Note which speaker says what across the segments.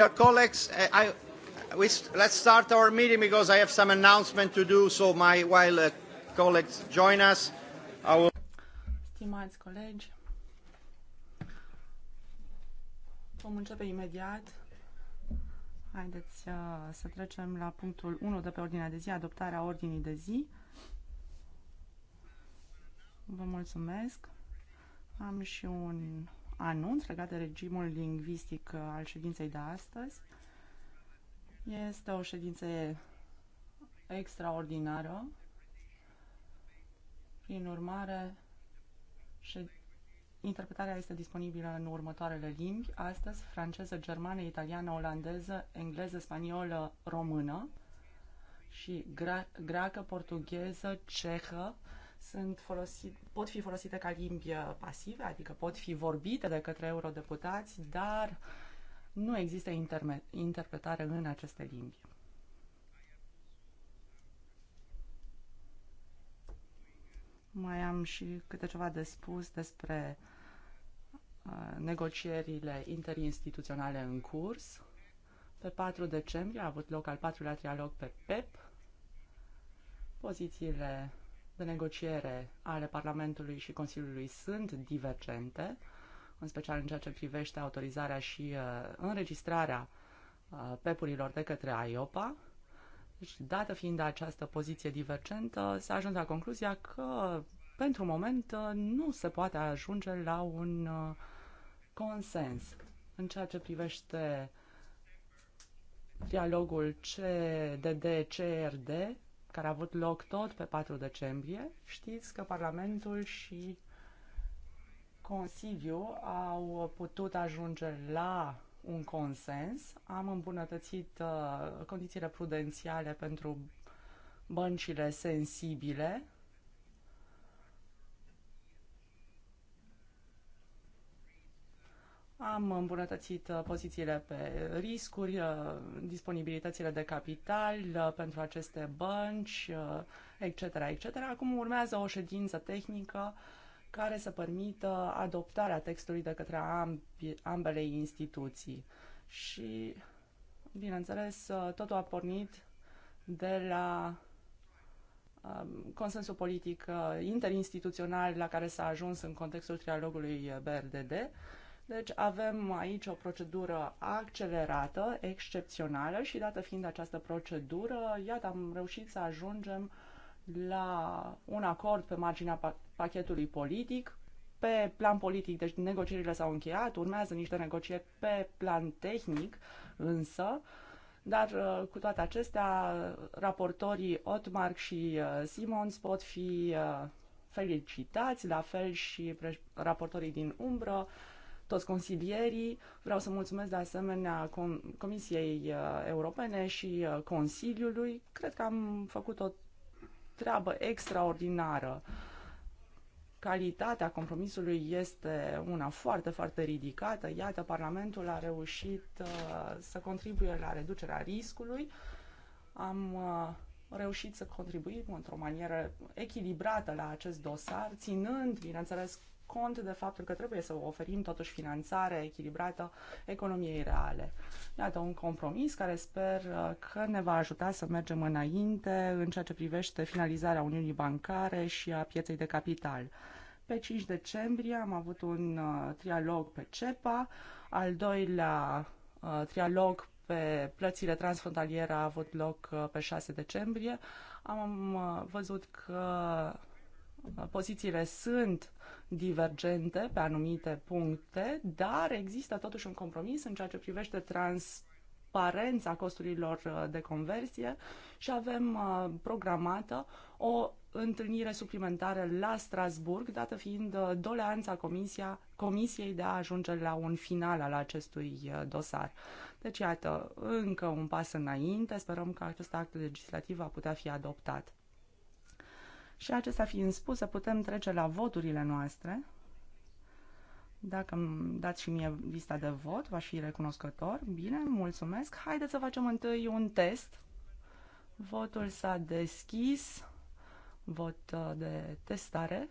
Speaker 1: Uh, colleagues, uh, I, we, let's start our meeting because I have some announcement to do. So my while uh, colleagues join us, I will.
Speaker 2: Stimați colegi, vom începe imediat. Haideți uh, să trecem la punctul 1 de pe ordinea de zi, adoptarea ordinii de zi. Vă mulțumesc. Am și un anunț legat de regimul lingvistic uh, al ședinței de astăzi. Este o ședință extraordinară. Prin urmare, interpretarea este disponibilă în următoarele limbi, astăzi franceză, germană, italiană, olandeză, engleză, spaniolă, română și greacă, portugheză, cehă, sunt folosit, pot fi folosite ca limbi uh, pasive, adică pot fi vorbite de către eurodeputați, dar nu există interpretare în aceste limbi. Mai am și câte ceva de spus despre uh, negocierile interinstituționale în curs. Pe 4 decembrie a avut loc al patrulea trialog pe PEP. Pozițiile de negociere ale Parlamentului și Consiliului sunt divergente, în special în ceea ce privește autorizarea și uh, înregistrarea uh, pepurilor de către IOPA. Deci, dată fiind această poziție divergentă, s-a ajuns la concluzia că, pentru moment, uh, nu se poate ajunge la un uh, consens în ceea ce privește dialogul CDD-CRD care a avut loc tot pe 4 decembrie, știți că Parlamentul și Consiliu au putut ajunge la un consens. Am îmbunătățit uh, condițiile prudențiale pentru băncile sensibile Am îmbunătățit uh, pozițiile pe riscuri, uh, disponibilitățile de capital uh, pentru aceste bănci, etc. etc. Acum urmează o ședință tehnică care să permită adoptarea textului de către ambele instituții. Și, bineînțeles, totul a pornit de la um, consensul politic interinstituțional la care s-a ajuns în contextul trialogului BRDD deci avem aici o procedură accelerată, excepțională și dată fiind această procedură, iată, am reușit să ajungem la un acord pe marginea pachetului politic. Pe plan politic, deci negocierile s-au încheiat, urmează niște negocieri pe plan tehnic, însă, dar uh, cu toate acestea, raportorii Otmark și uh, Simons pot fi uh, felicitați, la fel și raportorii din umbră, toți consilierii. Vreau să mulțumesc de asemenea Com Comisiei uh, Europene și uh, Consiliului. Cred că am făcut o treabă extraordinară. Calitatea compromisului este una foarte, foarte ridicată. Iată, Parlamentul a reușit uh, să contribuie la reducerea riscului. Am reușit să contribuim într-o manieră echilibrată la acest dosar, ținând, bineînțeles, cont de faptul că trebuie să oferim totuși finanțare echilibrată economiei reale. Iată un compromis care sper uh, că ne va ajuta să mergem înainte în ceea ce privește finalizarea Uniunii Bancare și a pieței de capital. Pe 5 decembrie am avut un uh, trialog pe CEPA, al doilea uh, trialog pe plățile transfrontaliere a avut loc pe 6 decembrie. Am văzut că pozițiile sunt divergente pe anumite puncte, dar există totuși un compromis în ceea ce privește transparența costurilor uh, de conversie și avem uh, programată o întâlnire suplimentară la Strasburg, dată fiind uh, doleanța comisia, Comisiei de a ajunge la un final al acestui dosar. Deci, iată, încă un pas înainte, sperăm că acest act legislativ va putea fi adoptat. Și acestea fiind spuse, putem trece la voturile noastre. Dacă îmi dați și mie lista de vot, v-aș fi recunoscător. Bine, mulțumesc. Haideți să facem întâi un test. Votul s-a deschis. Vot uh, de testare.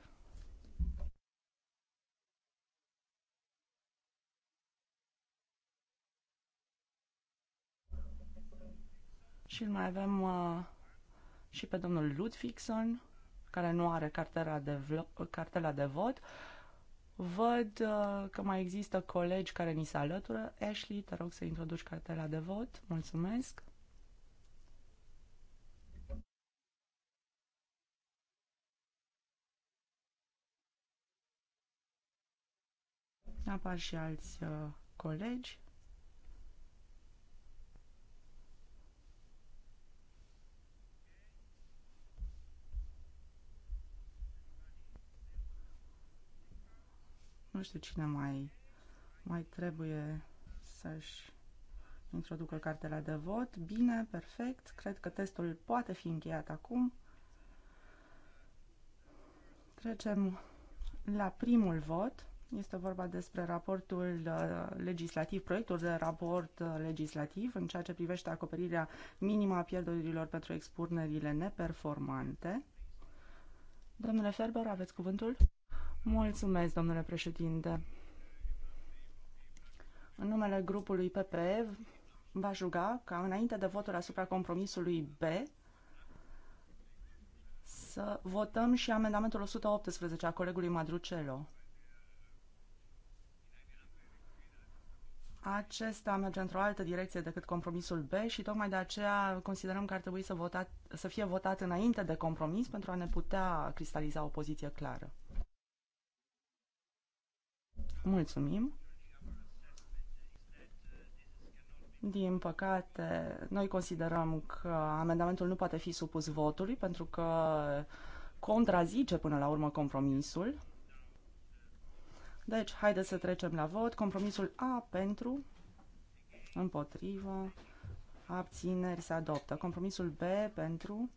Speaker 2: Și mai avem uh, și pe domnul Ludvigson care nu are cartela de, cartela de vot. Văd uh, că mai există colegi care ni se alătură. Ashley, te rog să introduci cartela de vot. Mulțumesc. apar și alți uh, colegi. Nu știu cine mai, mai trebuie să-și introducă cartela de vot. Bine, perfect. Cred că testul poate fi încheiat acum. Trecem la primul vot. Este vorba despre raportul uh, legislativ, proiectul de raport uh, legislativ în ceea ce privește acoperirea minimă a pierderilor pentru expunerile neperformante. Domnule Ferber, aveți cuvântul? Mulțumesc, domnule președinte. În numele grupului PPE va juga ca înainte de votul asupra compromisului B să votăm și amendamentul 118 a colegului Madrucelo. Acesta merge într-o altă direcție decât compromisul B și tocmai de aceea considerăm că ar trebui să, vota, să fie votat înainte de compromis pentru a ne putea cristaliza o poziție clară. Mulțumim. Din păcate, noi considerăm că amendamentul nu poate fi supus votului pentru că contrazice până la urmă compromisul. Deci, haideți să trecem la vot. Compromisul A pentru, împotrivă, abțineri se adoptă. Compromisul B pentru,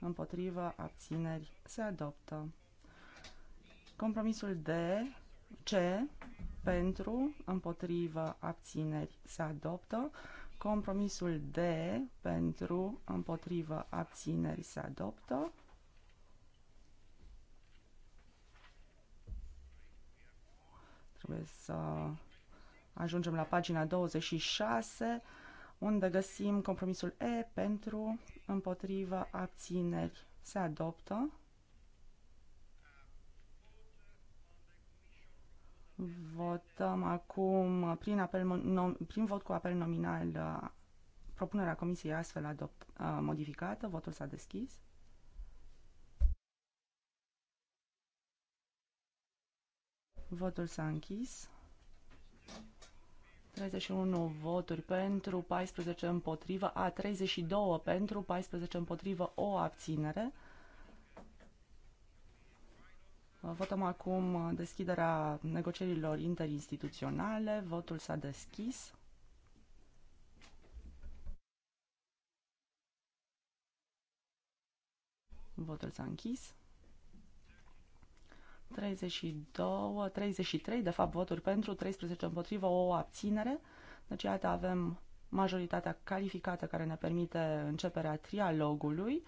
Speaker 2: împotrivă, abțineri se adoptă. Compromisul D C pentru, împotrivă, abțineri se adoptă. Compromisul D pentru, împotrivă, abțineri se adoptă. Trebuie să ajungem la pagina 26 unde găsim compromisul E pentru, împotrivă, abțineri se adoptă. Votăm acum prin, apel, nom, prin vot cu apel nominal uh, propunerea comisiei astfel adopt, uh, modificată. Votul s-a deschis. Votul s-a închis. 31 voturi pentru, 14 împotrivă, a 32 pentru, 14 împotrivă, o abținere. Votăm acum deschiderea negocierilor interinstituționale. Votul s-a deschis. Votul s-a închis. 32, 33, de fapt, voturi pentru, 13 împotrivă, o abținere. Deci, iată, avem majoritatea calificată care ne permite începerea trialogului.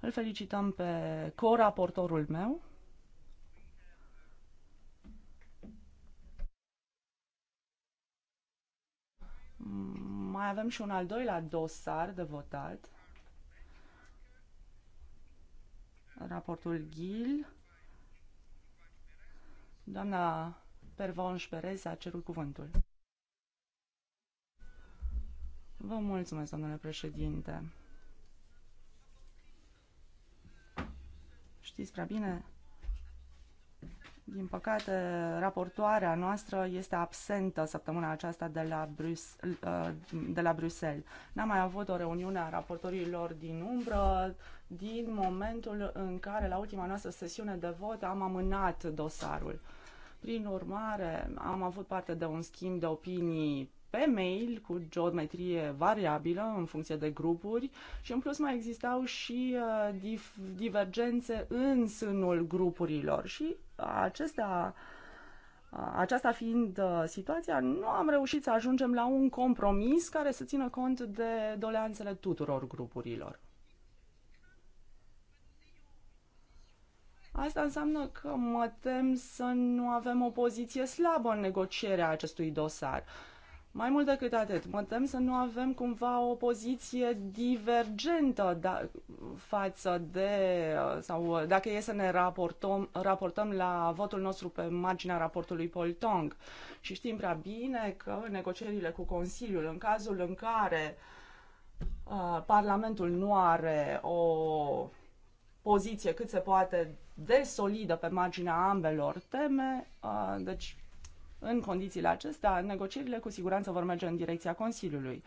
Speaker 2: Îl felicităm pe coraportorul meu, Mai avem și un al doilea dosar de votat. Raportul Gil. Doamna Pervonș Șperez a cerut cuvântul. Vă mulțumesc, domnule președinte. Știți prea bine din păcate, raportoarea noastră este absentă săptămâna aceasta de la, Brus- uh, de la Bruxelles. N-am mai avut o reuniune a raportorilor din umbră din momentul în care, la ultima noastră sesiune de vot, am amânat dosarul. Prin urmare, am avut parte de un schimb de opinii pe mail cu geometrie variabilă în funcție de grupuri și în plus mai existau și uh, divergențe în sânul grupurilor și acestea uh, aceasta fiind uh, situația, nu am reușit să ajungem la un compromis care să țină cont de doleanțele tuturor grupurilor. Asta înseamnă că mă tem să nu avem o poziție slabă în negocierea acestui dosar. Uh, mai mult decât atât, mă tem să nu avem cumva o poziție divergentă da, față de, sau dacă e să ne raportăm, raportăm la votul nostru pe marginea raportului Poltong. Și știm prea bine că negocierile cu Consiliul, în cazul în care uh, Parlamentul nu are o poziție cât se poate de solidă pe marginea ambelor teme, uh, deci în condițiile acestea, negocierile cu siguranță vor merge în direcția Consiliului.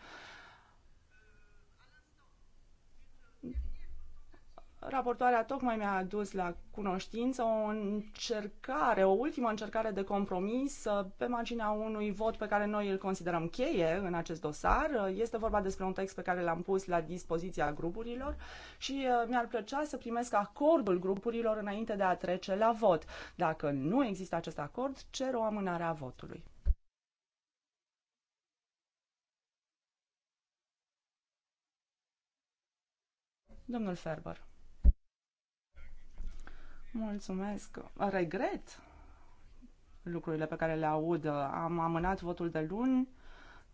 Speaker 2: Raportoarea tocmai mi-a adus la cunoștință o încercare, o ultimă încercare de compromis uh, pe marginea unui vot pe care noi îl considerăm cheie în acest dosar. Uh, este vorba despre un text pe care l-am pus la dispoziția grupurilor și uh, mi-ar plăcea să primesc acordul grupurilor înainte de a trece la vot. Dacă nu există acest acord, cer o amânare a votului. Domnul Ferber. Mulțumesc. Regret lucrurile pe care le aud. Am amânat votul de luni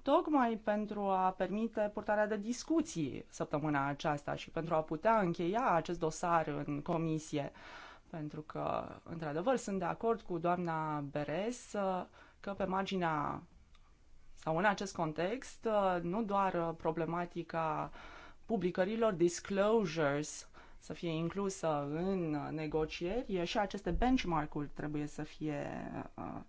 Speaker 2: tocmai pentru a permite purtarea de discuții săptămâna aceasta și pentru a putea încheia acest dosar în comisie. Pentru că, într-adevăr, sunt de acord cu doamna Beres că pe marginea sau în acest context, nu doar problematica publicărilor, disclosures, să fie inclusă în negocieri și aceste benchmark-uri trebuie să fie, uh,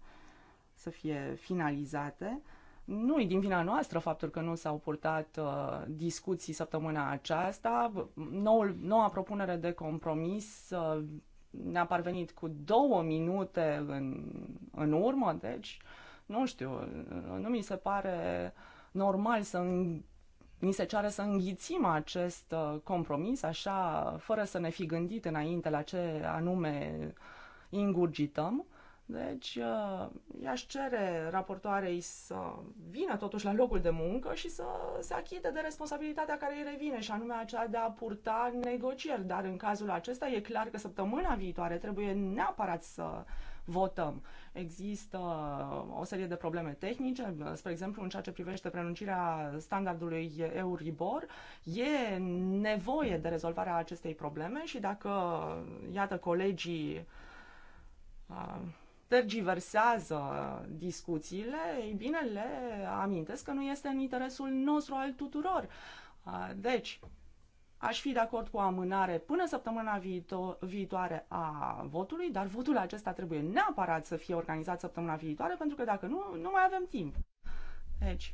Speaker 2: să fie finalizate. Nu e din vina noastră faptul că nu s-au purtat uh, discuții săptămâna aceasta. Noul, noua propunere de compromis uh, ne-a parvenit cu două minute în, în urmă, deci nu știu, nu mi se pare normal să ni se cere să înghițim acest uh, compromis, așa, fără să ne fi gândit înainte la ce anume ingurgităm. Deci, uh, i-aș cere raportoarei să vină totuși la locul de muncă și să se achite de responsabilitatea care îi revine, și anume aceea de a purta negocieri. Dar în cazul acesta e clar că săptămâna viitoare trebuie neapărat să votăm. Există o serie de probleme tehnice, spre exemplu în ceea ce privește prenuncirea standardului Euribor. E nevoie de rezolvarea acestei probleme și dacă, iată, colegii tergiversează discuțiile, ei bine, le amintesc că nu este în interesul nostru al tuturor. Deci, Aș fi de acord cu o amânare până săptămâna viito- viitoare a votului, dar votul acesta trebuie neapărat să fie organizat săptămâna viitoare, pentru că dacă nu, nu mai avem timp. Deci,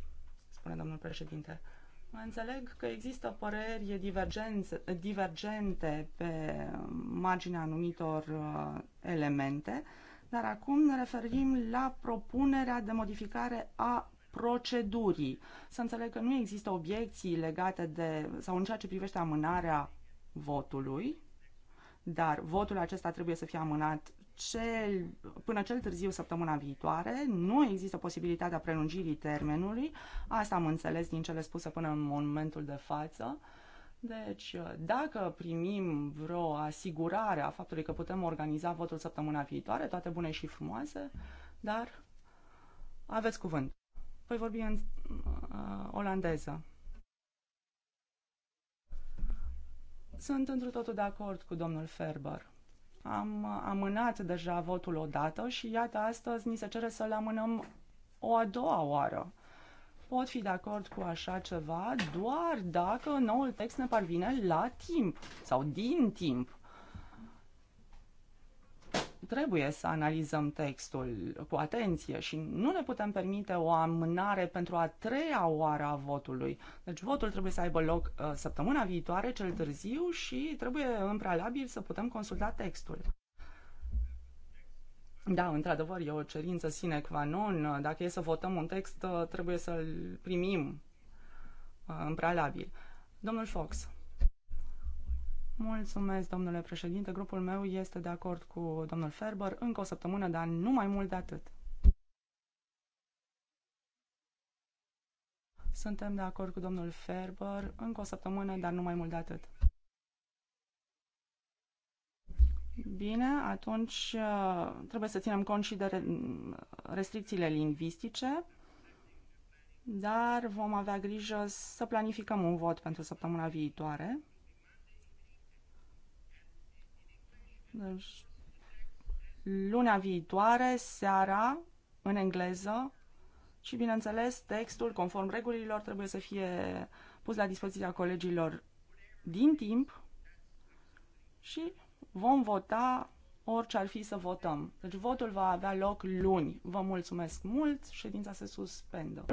Speaker 2: spune domnul președinte, înțeleg că există păreri divergente pe marginea anumitor uh, elemente, dar acum ne referim la propunerea de modificare a procedurii. Să înțeleg că nu există obiecții legate de, sau în ceea ce privește amânarea votului, dar votul acesta trebuie să fie amânat cel, până cel târziu săptămâna viitoare. Nu există posibilitatea prelungirii termenului. Asta am înțeles din cele spuse până în momentul de față. Deci, dacă primim vreo asigurare a faptului că putem organiza votul săptămâna viitoare, toate bune și frumoase, dar aveți cuvânt. Voi vorbi în uh, olandeză. Sunt într totul de acord cu domnul Ferber. Am amânat deja votul odată și iată astăzi ni se cere să-l amânăm o a doua oară. Pot fi de acord cu așa ceva doar dacă noul text ne parvine la timp sau din timp trebuie să analizăm textul cu atenție și nu ne putem permite o amânare pentru a treia oară a votului. Deci votul trebuie să aibă loc uh, săptămâna viitoare, cel târziu, și trebuie în prealabil să putem consulta textul. Da, într-adevăr, e o cerință sine qua non. Dacă e să votăm un text, uh, trebuie să-l primim uh, în prealabil. Domnul Fox. Mulțumesc, domnule președinte. Grupul meu este de acord cu domnul Ferber încă o săptămână, dar nu mai mult de atât. Suntem de acord cu domnul Ferber încă o săptămână, dar nu mai mult de atât. Bine, atunci uh, trebuie să ținem cont și de restricțiile lingvistice, dar vom avea grijă să planificăm un vot pentru săptămâna viitoare. Deci, luna viitoare, seara, în engleză, și, bineînțeles, textul, conform regulilor, trebuie să fie pus la dispoziția colegilor din timp și vom vota orice ar fi să votăm. Deci votul va avea loc luni. Vă mulțumesc mult, ședința se suspendă.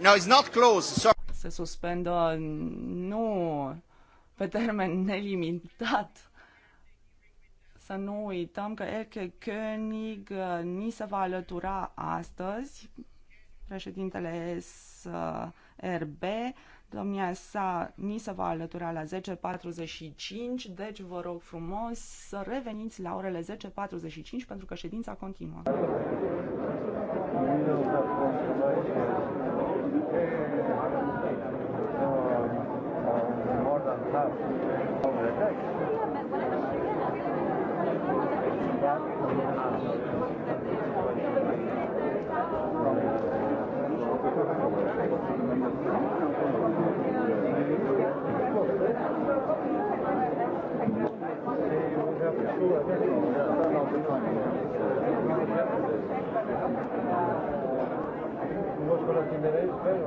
Speaker 2: No, it's not closed. So- se suspendă, nu termen nelimitat. Să nu uităm că Elke König uh, ni se va alătura astăzi, președintele SRB, domnia sa ni se va alătura la 10.45, deci vă rog frumos să reveniți la orele 10.45 pentru că ședința continuă.
Speaker 3: Vos con los tineréis, pero...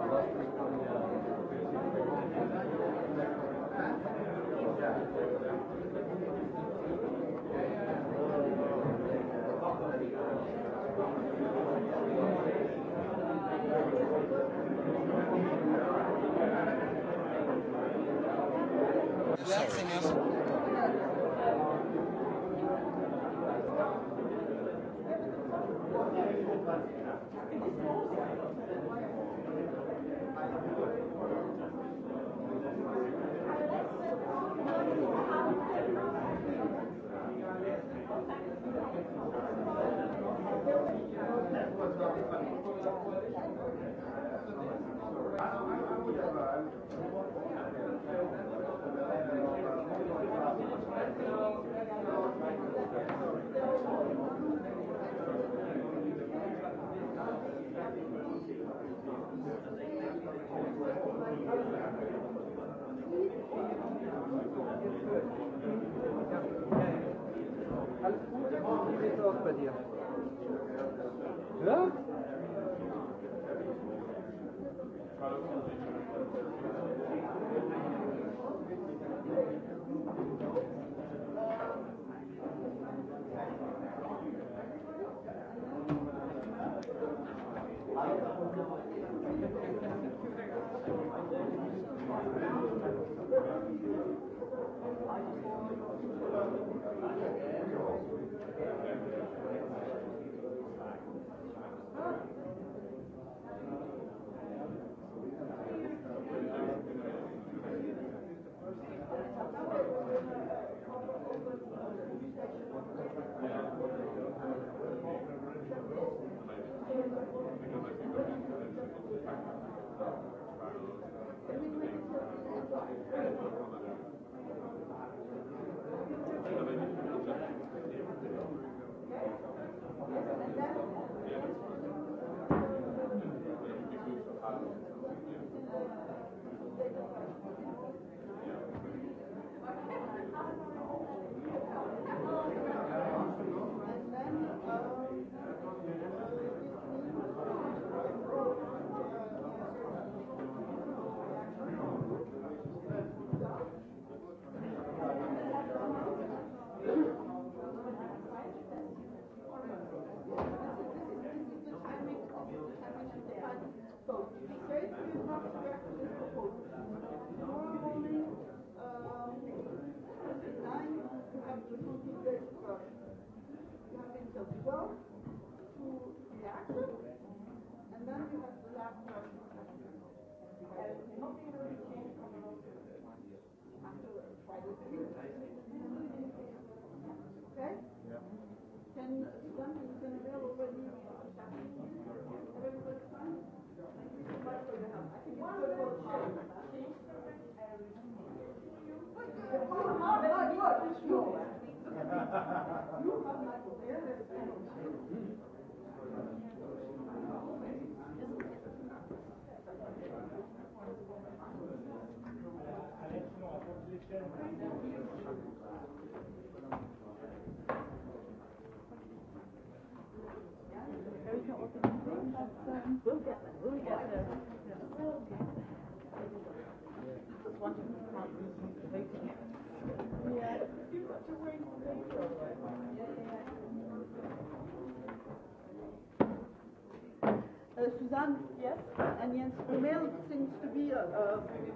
Speaker 1: seems to be a, a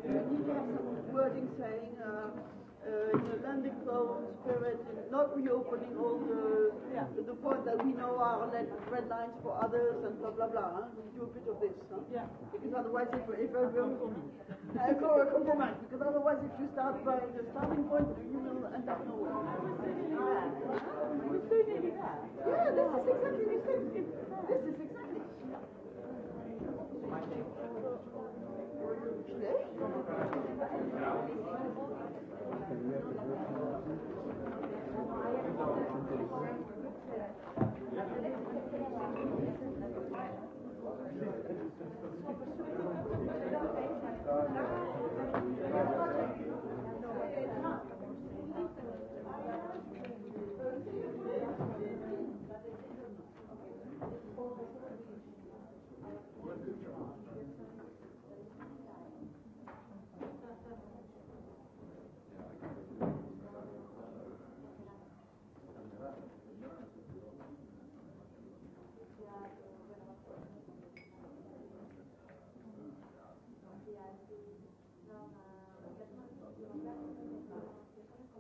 Speaker 1: we need to have some wording saying uh, uh, in a landing zone spirit and not reopening all the yeah. the point that we know are red, red lines for others and blah blah blah. Huh? We do a bit of this, huh? yeah. Because otherwise, if if I will uh, go a compromise, because otherwise, if you start by the starting point, you will end up nowhere. We're so nearly there. We're so Yeah, this is exactly this is, this is exactly. Thank you.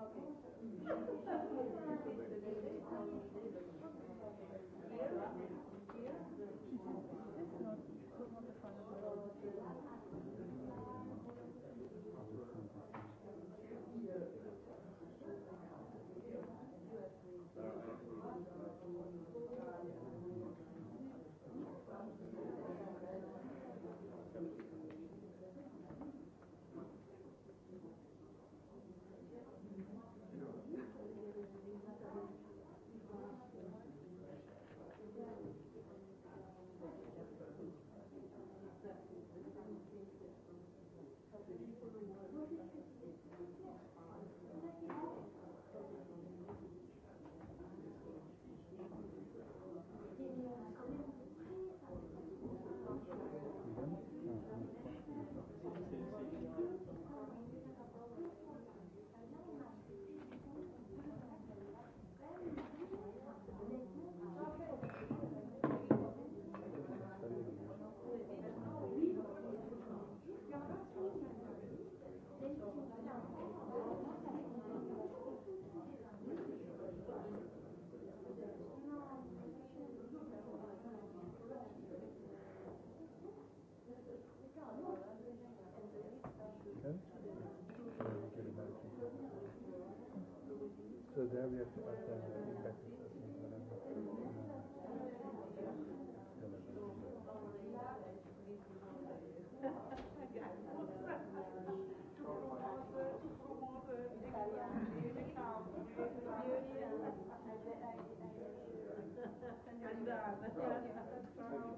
Speaker 1: Thank you.
Speaker 3: there we have to add them the feedback.
Speaker 1: Andata.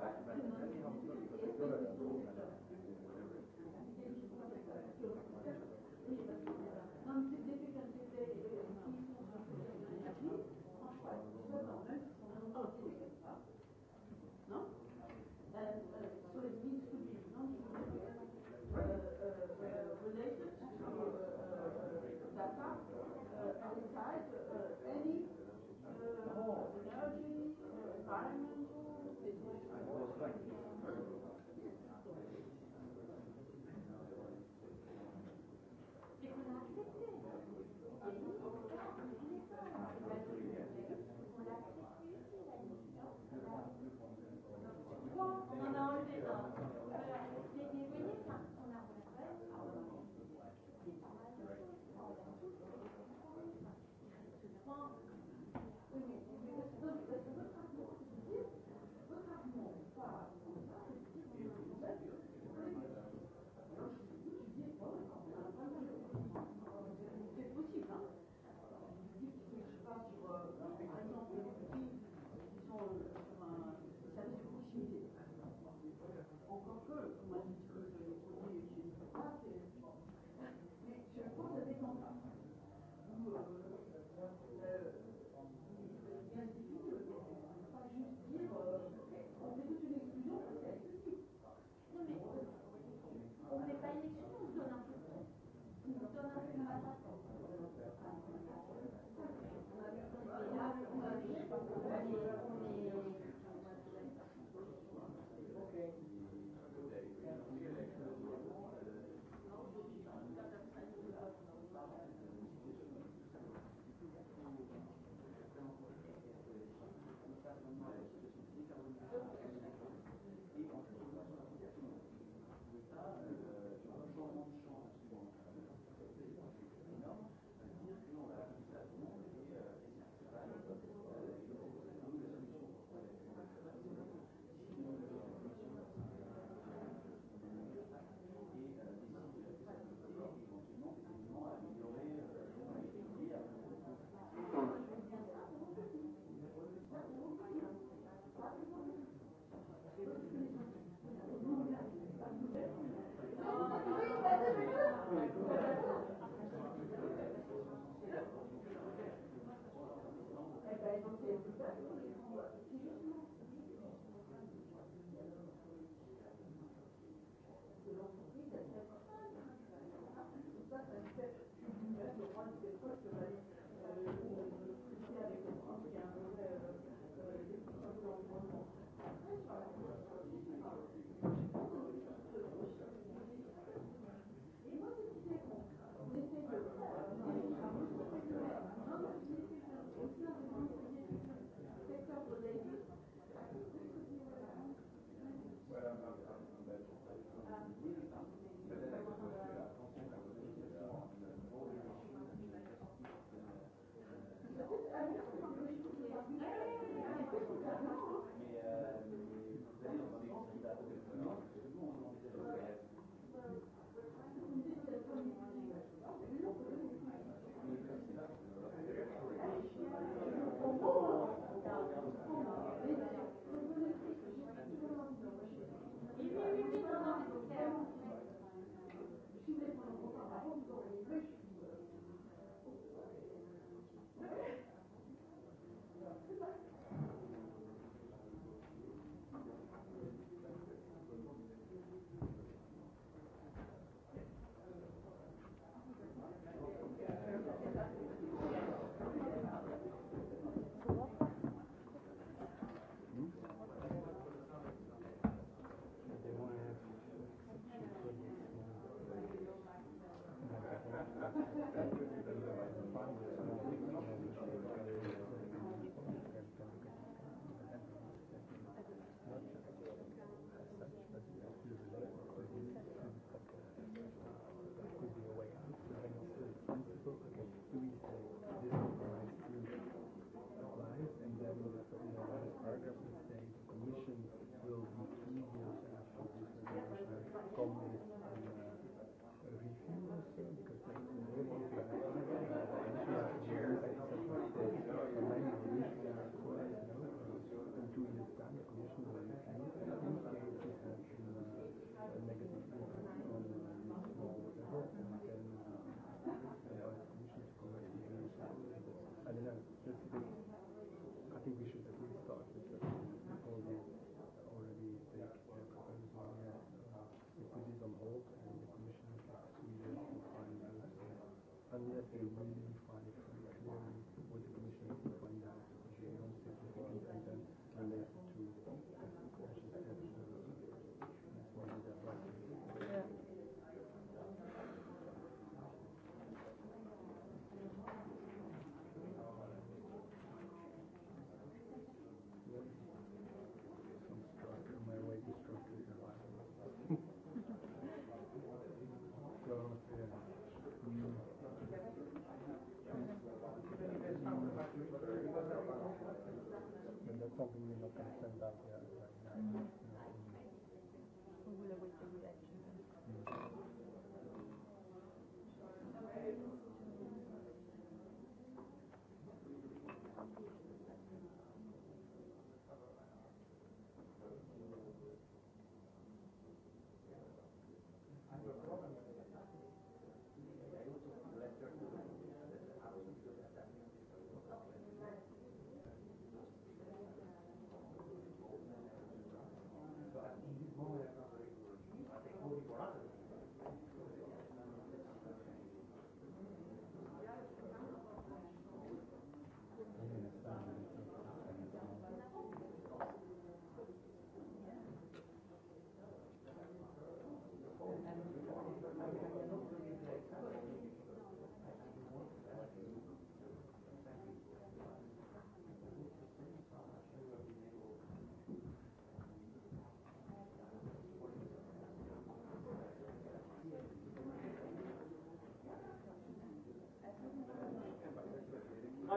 Speaker 1: Thank you. Thank you. Dumnezeu. probably look at them like, uh, like, like,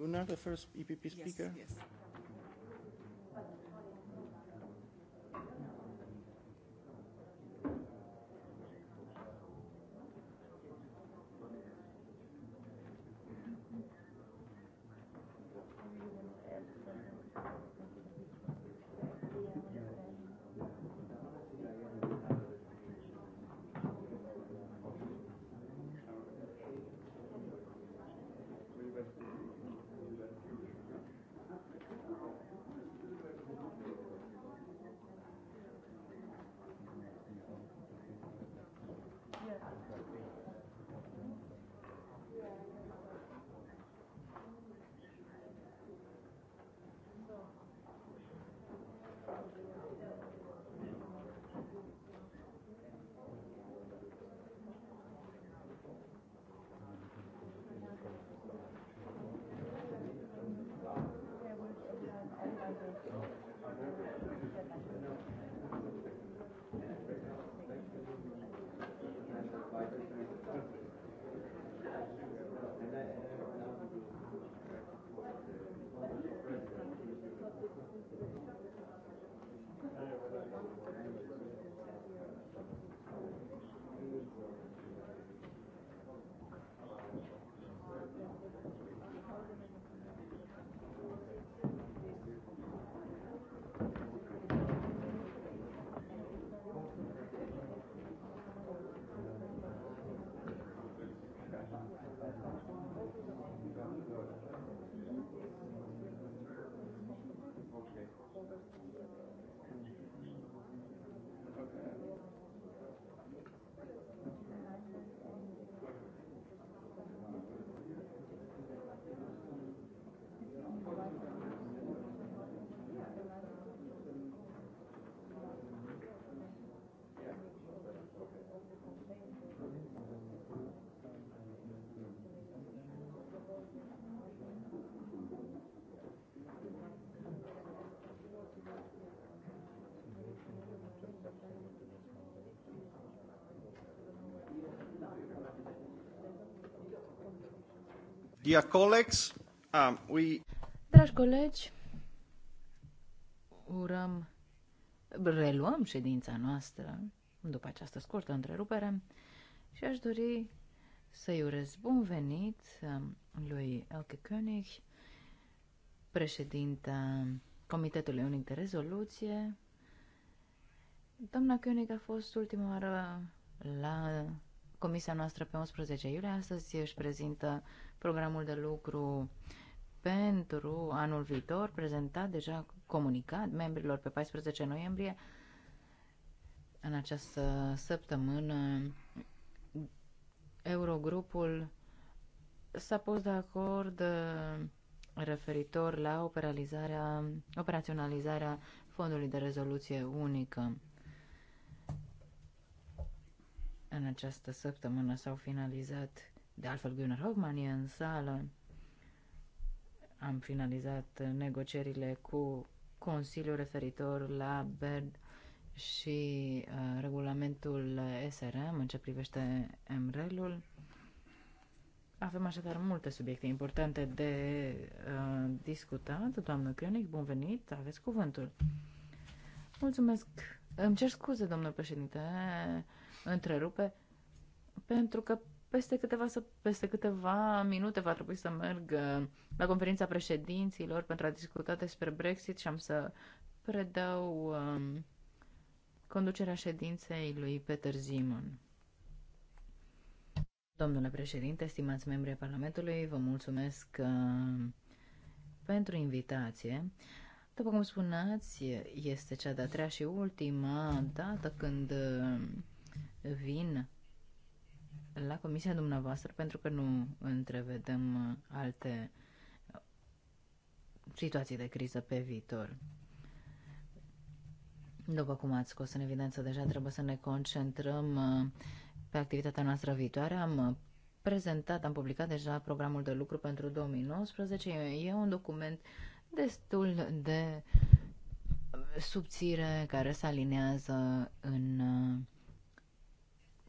Speaker 1: Luna, the
Speaker 2: first EPP speaker. Yes, yes. Um, we...
Speaker 4: Dragi colegi, urăm, reluăm ședința noastră după această scurtă întrerupere și aș dori să-i urez bun venit um, lui Elke König, președinta Comitetului Unic de Rezoluție. Doamna König a fost ultima oară la Comisia noastră pe 11 iulie astăzi își prezintă programul de lucru pentru anul viitor, prezentat deja comunicat membrilor pe 14 noiembrie. În această săptămână, Eurogrupul s-a pus de acord uh, referitor la operaționalizarea fondului de rezoluție unică. În această săptămână s-au finalizat, de altfel Gunnar Hoffman e în sală, am finalizat negocierile cu Consiliul referitor la BERD și uh, regulamentul SRM în ce privește MREL-ul. Avem așadar multe subiecte importante de uh, discutat. Doamnă Crionic, bun venit, aveți cuvântul. Mulțumesc. Îmi cer scuze, domnul președinte întrerupe pentru că peste câteva, peste câteva minute va trebui să merg uh, la conferința președinților pentru a discuta despre Brexit și am să predau um, conducerea ședinței lui Peter Zimon. Domnule președinte, stimați membrii Parlamentului, vă mulțumesc uh, pentru invitație. După cum spuneați, este cea de-a treia și ultima dată când uh, vin la comisia dumneavoastră pentru că nu întrevedem alte situații de criză pe viitor. După cum ați scos în evidență, deja trebuie să ne concentrăm uh, pe activitatea noastră viitoare. Am uh, prezentat, am publicat deja programul de lucru pentru 2019. E un document destul de subțire care se alinează în uh,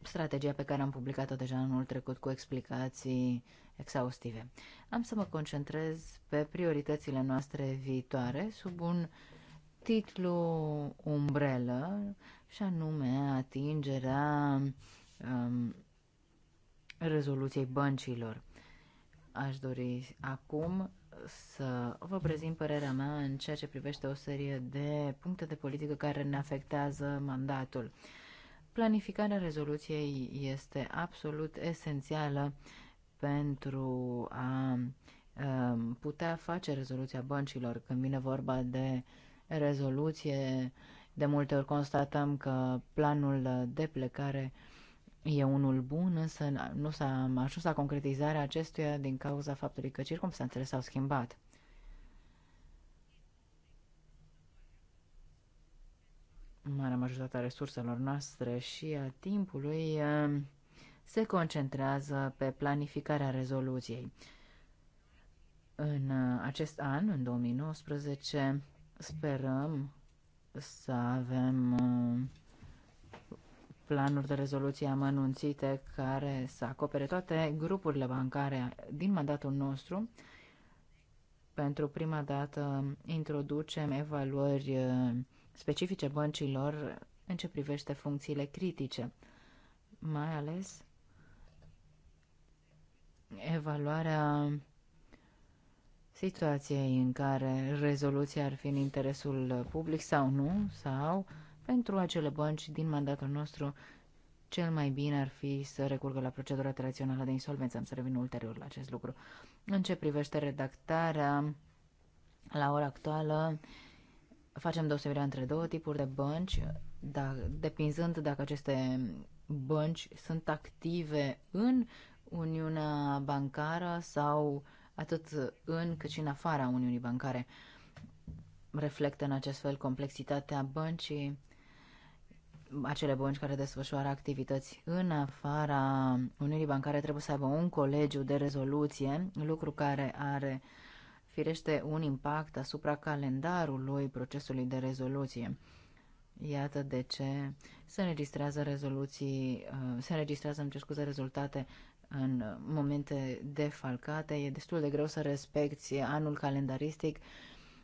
Speaker 4: strategia pe care am publicat-o deja anul trecut cu explicații exhaustive. Am să mă concentrez pe prioritățile noastre viitoare sub un titlu umbrelă și anume atingerea um, rezoluției băncilor. Aș dori acum să vă prezint părerea mea în ceea ce privește o serie de puncte de politică care ne afectează mandatul. Uh, Planificarea rezoluției este absolut esențială pentru a um, putea face rezoluția băncilor. Când vine vorba de rezoluție, de multe ori constatăm că planul de plecare e unul bun, însă nu s-a ajuns la concretizarea acestuia din cauza faptului că circumstanțele s-au schimbat. marea majoritate a resurselor noastre și a timpului eh, se concentrează pe planificarea rezoluției. În eh, acest an, în 2019, sperăm să avem eh, planuri de rezoluție amănunțite care să acopere toate grupurile bancare din mandatul nostru. Pentru prima dată introducem evaluări specifice băncilor în ce privește funcțiile critice, mai ales evaluarea situației în care rezoluția ar fi în interesul public sau nu, sau pentru acele bănci din mandatul nostru cel mai bine ar fi să recurgă la procedura tradițională de insolvență. Am să revin ulterior la acest lucru. În ce privește redactarea, la ora actuală, uh, facem deosebirea între două tipuri de bănci, da, depinzând dacă aceste bănci sunt active în Uniunea Bancară sau atât în cât și în afara Uniunii Bancare. Reflectă în acest fel complexitatea băncii, acele bănci care desfășoară activități în afara Uniunii Bancare trebuie să aibă un colegiu de rezoluție, lucru care are uh, firește un impact asupra calendarului procesului de rezoluție. Iată de ce se înregistrează rezoluții, uh, se înregistrează, îmi cer scuze, rezultate în momente defalcate. E destul de greu să respecti anul calendaristic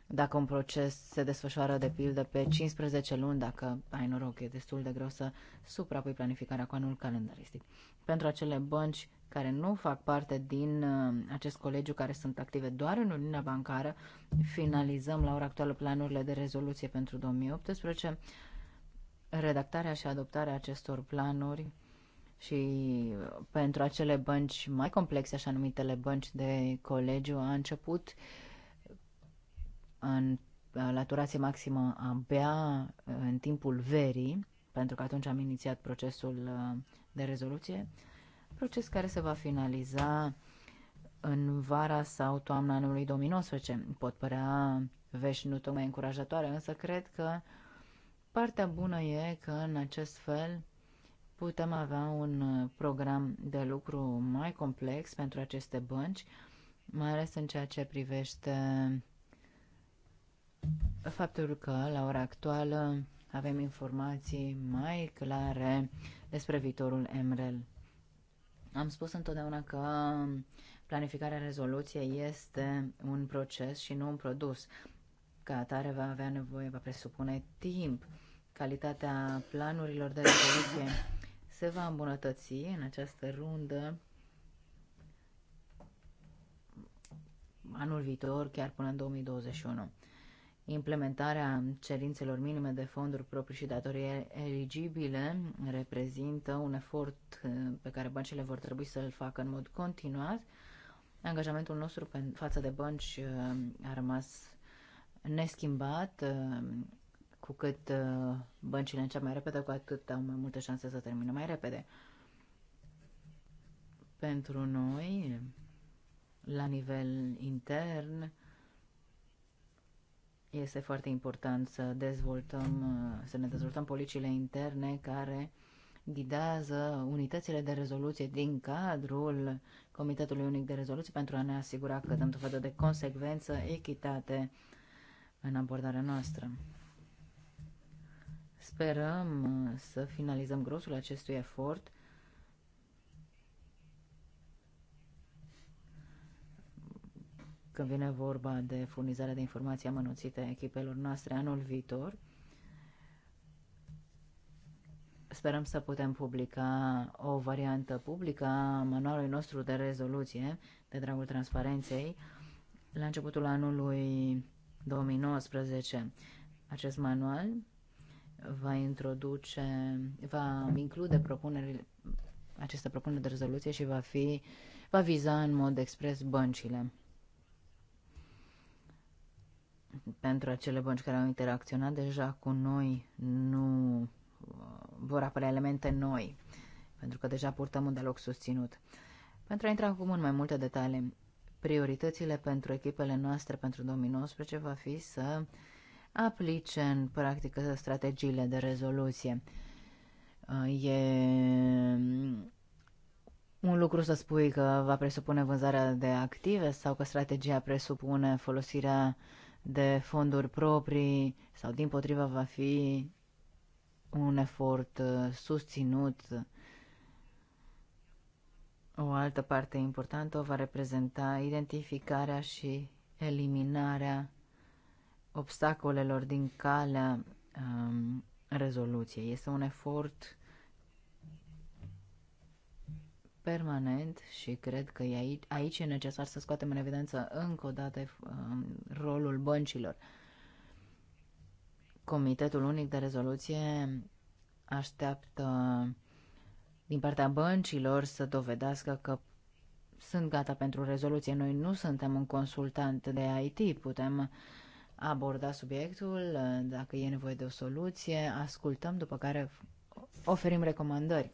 Speaker 4: dacă un proces se desfășoară de pildă pe 15 luni, dacă ai noroc, e destul de greu să suprapui planificarea cu anul calendaristic pentru acele bănci care nu fac parte din uh, acest colegiu, care sunt active doar în Uniunea Bancară. Finalizăm la ora actuală planurile de rezoluție pentru 2018. Redactarea și adoptarea acestor planuri și uh, pentru acele bănci mai complexe, așa numitele bănci de colegiu, a început în laturație maximă abia uh, în timpul verii, pentru că atunci am inițiat procesul de rezoluție, proces care se va finaliza în vara sau toamna anului 2019. Pot părea vești nu tocmai încurajatoare, însă cred că partea bună e că în acest fel putem avea un program de lucru mai complex pentru aceste bănci, mai ales în ceea ce privește faptul că, la ora actuală, avem informații mai clare despre viitorul MREL. Am spus întotdeauna că planificarea rezoluției este un proces și nu un produs. Ca atare va avea nevoie, va presupune timp. Calitatea planurilor de rezoluție se va îmbunătăți în această rundă anul viitor, chiar până în 2021. Implementarea cerințelor minime de fonduri proprii și datorii eligibile reprezintă un efort eh, pe care băncile vor trebui să-l facă în mod continuat. Angajamentul nostru față de bănci eh, a rămas neschimbat. Eh, cu cât băncile încep mai repede, cu atât au mai multe șanse să termine mai repede. Pentru noi, la nivel intern, este foarte important să dezvoltăm, să ne dezvoltăm policiile interne care ghidează unitățile de rezoluție din cadrul Comitetului Unic de Rezoluție pentru a ne asigura că dăm dovadă de consecvență, echitate în abordarea noastră. Sperăm să finalizăm grosul acestui efort când vine vorba de furnizarea de informații amănunțite echipelor noastre anul viitor. Sperăm să putem publica o variantă publică a manualului nostru de rezoluție de dragul transparenței la începutul anului 2019. Acest manual va introduce, va include propuneri, aceste propuneri de rezoluție și va fi, va viza în mod expres băncile pentru acele bănci care au interacționat deja cu noi, nu uh, vor apărea elemente noi, pentru că deja purtăm un dialog susținut. Pentru a intra acum în mai multe detalii, prioritățile pentru echipele noastre pentru 2019 va fi să aplice în practică strategiile de rezoluție. Uh, e un lucru să spui că va presupune vânzarea de active sau că strategia presupune folosirea de fonduri proprii sau din potriva va fi un efort uh, susținut. O altă parte importantă o va reprezenta identificarea și eliminarea obstacolelor din calea um, rezoluției. Este un efort permanent și cred că aici, aici e necesar să scoatem în evidență încă o dată uh, rolul băncilor. Comitetul Unic de Rezoluție așteaptă din partea băncilor să dovedească că sunt gata pentru rezoluție. Noi nu suntem un consultant de IT, putem aborda subiectul, uh, dacă e nevoie de o soluție, ascultăm, după care oferim recomandări.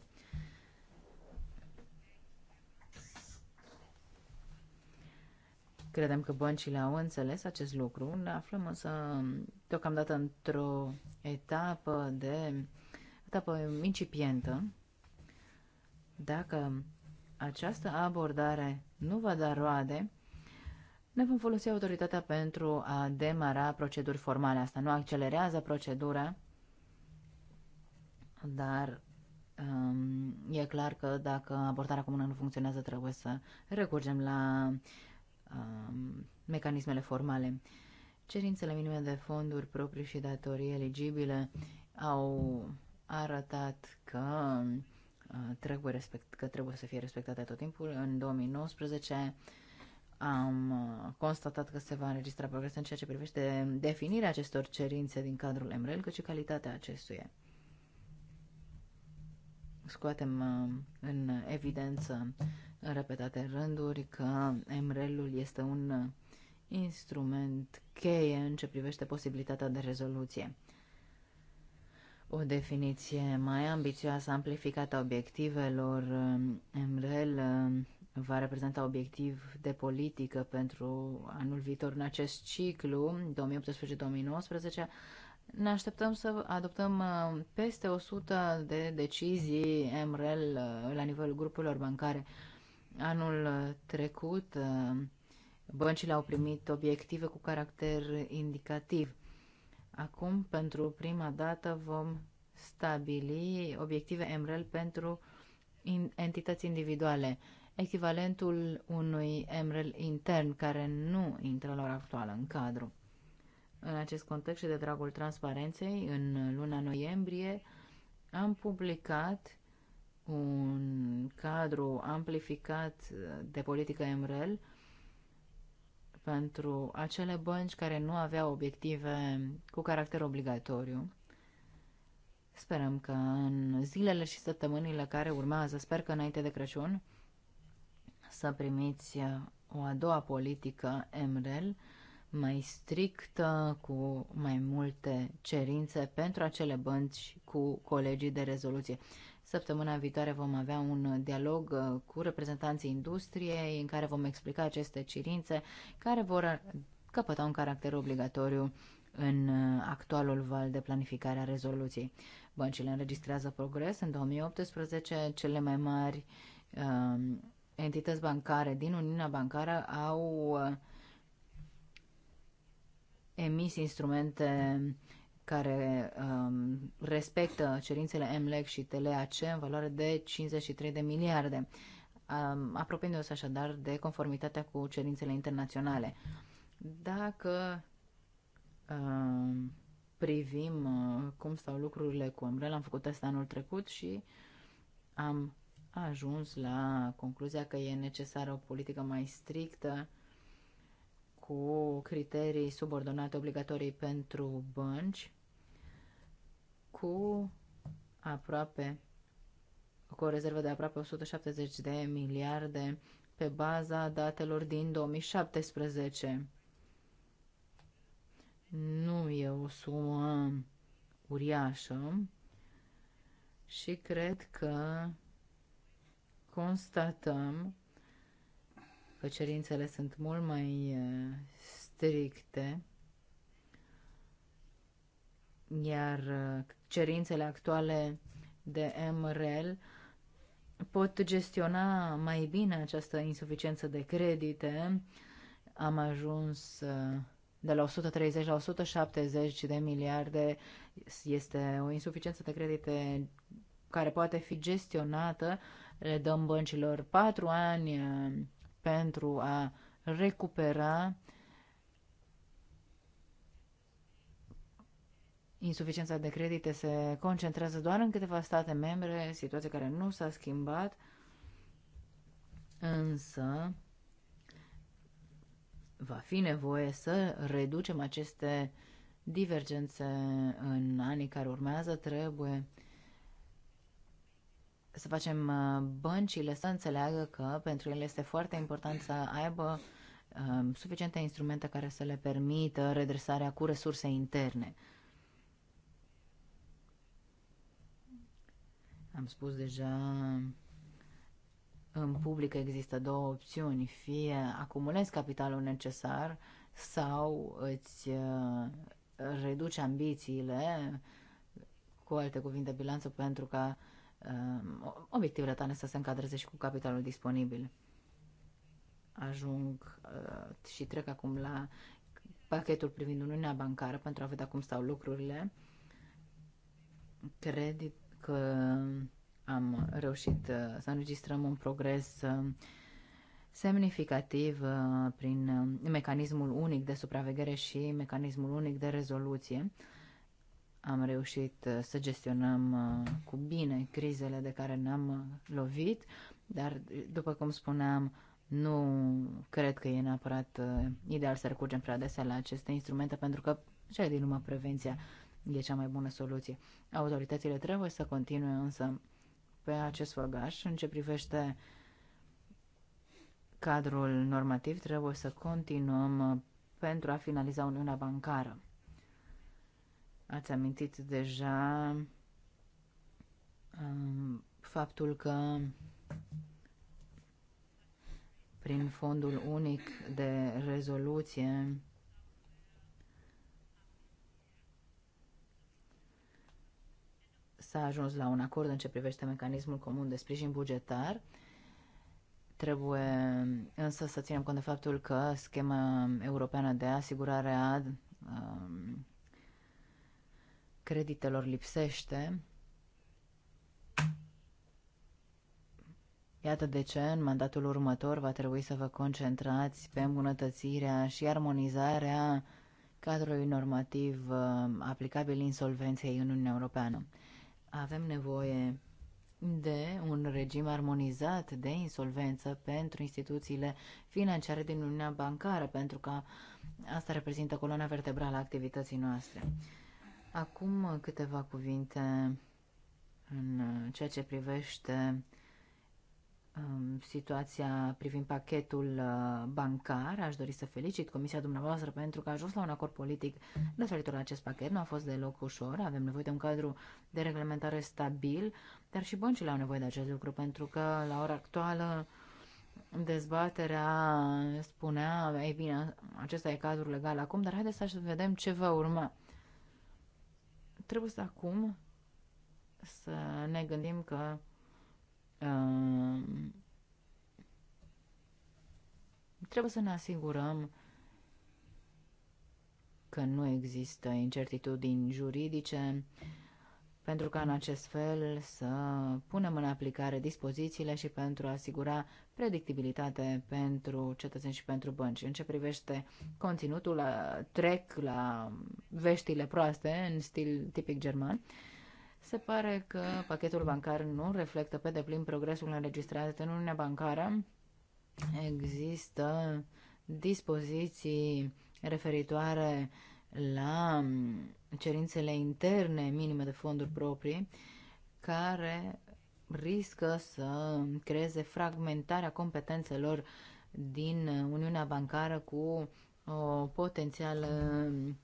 Speaker 4: Credem că băncile au înțeles acest lucru. Ne aflăm însă deocamdată într-o etapă de etapă incipientă. Dacă această abordare nu va da roade, ne vom folosi autoritatea pentru a demara proceduri formale. Asta nu accelerează procedura, dar um, e clar că dacă abordarea comună nu funcționează, trebuie să recurgem la mecanismele formale. Cerințele minime de fonduri proprii și datorii eligibile au arătat că trebuie, respect, că trebuie să fie respectate tot timpul. În 2019 am constatat că se va înregistra progres în ceea ce privește definirea acestor cerințe din cadrul MREL, cât și calitatea acestuia. Scoatem în evidență în repetate rânduri că MREL-ul este un instrument cheie în ce privește posibilitatea de rezoluție. O definiție mai ambițioasă, amplificată a obiectivelor MREL uh, va reprezenta obiectiv de politică pentru anul viitor în acest ciclu, 2018-2019, ne așteptăm să adoptăm uh, peste 100 de decizii MREL uh, la nivelul grupurilor bancare Anul uh, trecut, uh, băncile au primit obiective cu caracter indicativ. Acum, pentru prima dată, vom stabili obiective MREL pentru entități individuale, echivalentul unui MREL intern care nu intră la ora actuală în cadru. În acest context și de dragul transparenței, în luna noiembrie am publicat un cadru amplificat de politică MREL pentru acele bănci care nu aveau obiective cu caracter obligatoriu. Sperăm că în zilele și săptămânile care urmează, sper că înainte de Crăciun, să primiți o a doua politică MREL mai strictă, cu mai multe cerințe pentru acele bănci cu colegii de rezoluție. Săptămâna viitoare vom avea un dialog uh, cu reprezentanții industriei în care vom explica aceste cerințe care vor căpăta un caracter obligatoriu în uh, actualul val de planificare a rezoluției. Băncile înregistrează progres. În 2018, cele mai mari uh, entități bancare din Uniunea Bancară au uh, emis instrumente care um, respectă cerințele MLEC și TLAC în valoare de 53 de miliarde, um, apropiindu-se așadar de conformitatea cu cerințele internaționale. Dacă um, privim uh, cum stau lucrurile cu Umbrella, am făcut asta anul trecut și am ajuns la concluzia că e necesară o politică mai strictă cu criterii subordonate obligatorii pentru bănci cu aproape cu o rezervă de aproape 170 de miliarde pe baza datelor din 2017. Nu e o sumă uriașă și cred că constatăm că cerințele sunt mult mai eh, stricte iar uh, cerințele actuale de MRL pot gestiona mai bine această insuficiență de credite. Am ajuns uh, de la 130 la 170 de miliarde. Este o insuficiență de credite care poate fi gestionată. Le dăm băncilor patru ani uh, pentru a recupera Insuficiența de credite se concentrează doar în câteva state membre, situație care nu s-a schimbat, însă va fi nevoie să reducem aceste divergențe în anii care urmează. Trebuie să facem uh, băncile să înțeleagă că pentru ele este foarte important să aibă uh, suficiente instrumente care să le permită redresarea cu resurse interne. Am spus deja, în public există două opțiuni. Fie acumulezi capitalul necesar sau îți uh, reduci ambițiile, cu alte cuvinte, bilanțul pentru ca um, obiectivele tale să se încadreze și cu capitalul disponibil. Ajung uh, și trec acum la pachetul privind Uniunea Bancară pentru a vedea cum stau lucrurile. Credit că am reușit uh, să înregistrăm un progres uh, semnificativ uh, prin mecanismul unic de supraveghere și mecanismul unic de rezoluție. Am reușit să gestionăm cu bine crizele de care ne-am lovit, dar, după cum spuneam, nu cred că e neapărat ideal să recurgem prea adesea la aceste instrumente, pentru că cele din urmă prevenția e cea mai bună soluție. Autoritățile trebuie să continue însă pe acest făgaș. În ce privește cadrul normativ, trebuie să continuăm pentru a finaliza Uniunea Bancară. Ați amintit deja um, faptul că prin fondul unic de rezoluție s-a ajuns la un acord în ce privește mecanismul comun de sprijin bugetar. Trebuie însă să ținem cont de faptul că schema europeană de asigurare a um, creditelor lipsește. Iată de ce în mandatul următor va trebui să vă concentrați pe îmbunătățirea și armonizarea cadrului normativ uh, aplicabil insolvenței în Uniunea Europeană. Avem nevoie de un regim armonizat de insolvență pentru instituțiile financiare din Uniunea Bancară, pentru că asta reprezintă coloana vertebrală a activității noastre. Acum câteva cuvinte în ceea ce privește situația privind pachetul uh, bancar. Aș dori să felicit Comisia dumneavoastră pentru că a ajuns la un acord politic referitor la acest pachet. Nu a fost deloc ușor. Avem nevoie de un cadru de reglementare stabil, dar și băncile au nevoie de acest lucru pentru că la ora actuală dezbaterea spunea, ei bine, acesta e cadrul legal acum, dar haideți să vedem ce va urma. Trebuie să acum să ne gândim că uh, trebuie să ne asigurăm că nu există incertitudini juridice, pentru ca în acest fel să punem în aplicare dispozițiile și pentru a asigura predictibilitate pentru cetățeni și pentru bănci. În ce privește conținutul, trec la veștile proaste în stil tipic german. Uh, se pare că pachetul bancar nu reflectă pe deplin progresul înregistrat în Uniunea Bancară. Există dispoziții referitoare la cerințele interne minime de fonduri proprii, care riscă să creeze fragmentarea competențelor din Uniunea Bancară cu o potențială um,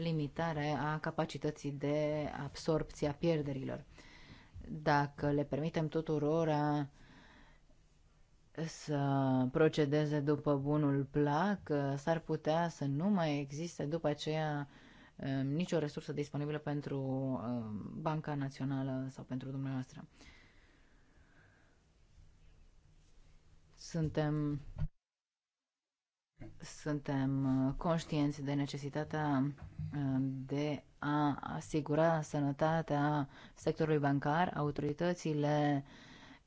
Speaker 4: limitare a capacității de absorpție a pierderilor. Dacă le permitem tuturora să procedeze după bunul plac, s-ar putea să nu mai existe după aceea um, nicio resursă disponibilă pentru um, Banca Națională sau pentru dumneavoastră. Suntem suntem uh, conștienți de necesitatea uh, de a asigura sănătatea sectorului bancar. Autoritățile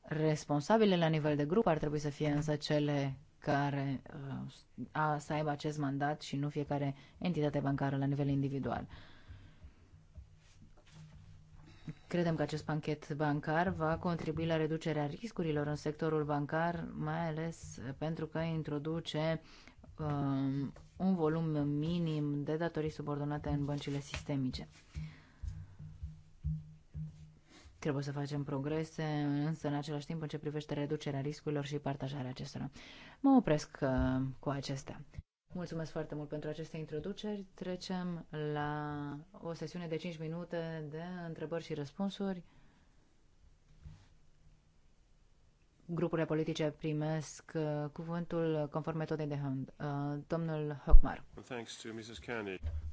Speaker 4: responsabile la nivel de grup ar trebui să fie însă cele care uh, a, să aibă acest mandat și nu fiecare entitate bancară la nivel individual. Credem că acest panchet bancar va contribui la reducerea riscurilor în sectorul bancar, mai ales pentru că introduce um, un volum minim de datorii subordonate în băncile sistemice. Trebuie să facem progrese, însă în același timp în ce privește reducerea riscurilor și partajarea acestora. Mă opresc uh, cu acestea. Mulțumesc foarte mult pentru aceste introduceri. Trecem la o sesiune de 5 minute de întrebări și răspunsuri. grupurile politice primesc uh, cuvântul conform metodei de Hand. Uh, domnul Hockmar.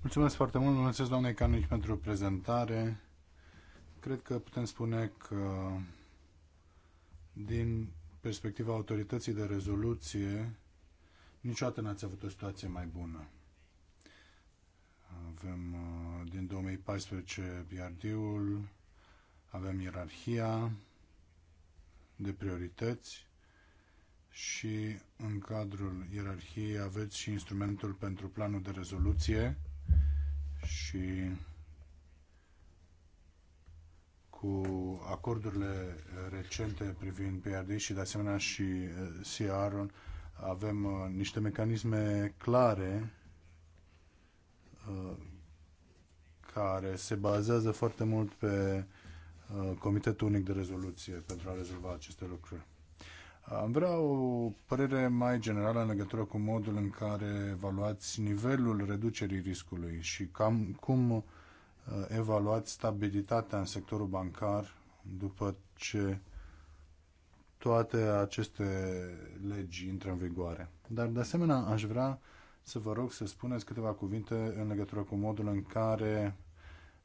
Speaker 3: Mulțumesc foarte mult, mulțumesc doamnei Canic pentru prezentare. Cred că putem spune că din perspectiva autorității de rezoluție, niciodată n-ați avut o situație mai bună. Avem uh, din 2014 brd avem ierarhia, de priorități și în cadrul ierarhiei aveți și instrumentul pentru planul de rezoluție și cu acordurile recente privind PRD și de asemenea și CR-ul eh, avem eh, niște mecanisme clare eh, care se bazează foarte mult pe Uh, Comitetul Unic de Rezoluție pentru a rezolva aceste lucruri. Uh, am vrea o părere mai generală în legătură cu modul în care evaluați nivelul reducerii riscului și cam cum uh, evaluați stabilitatea în sectorul bancar după ce toate aceste legi intră în vigoare. Dar, de asemenea, aș vrea să vă rog să spuneți câteva cuvinte în legătură cu modul în care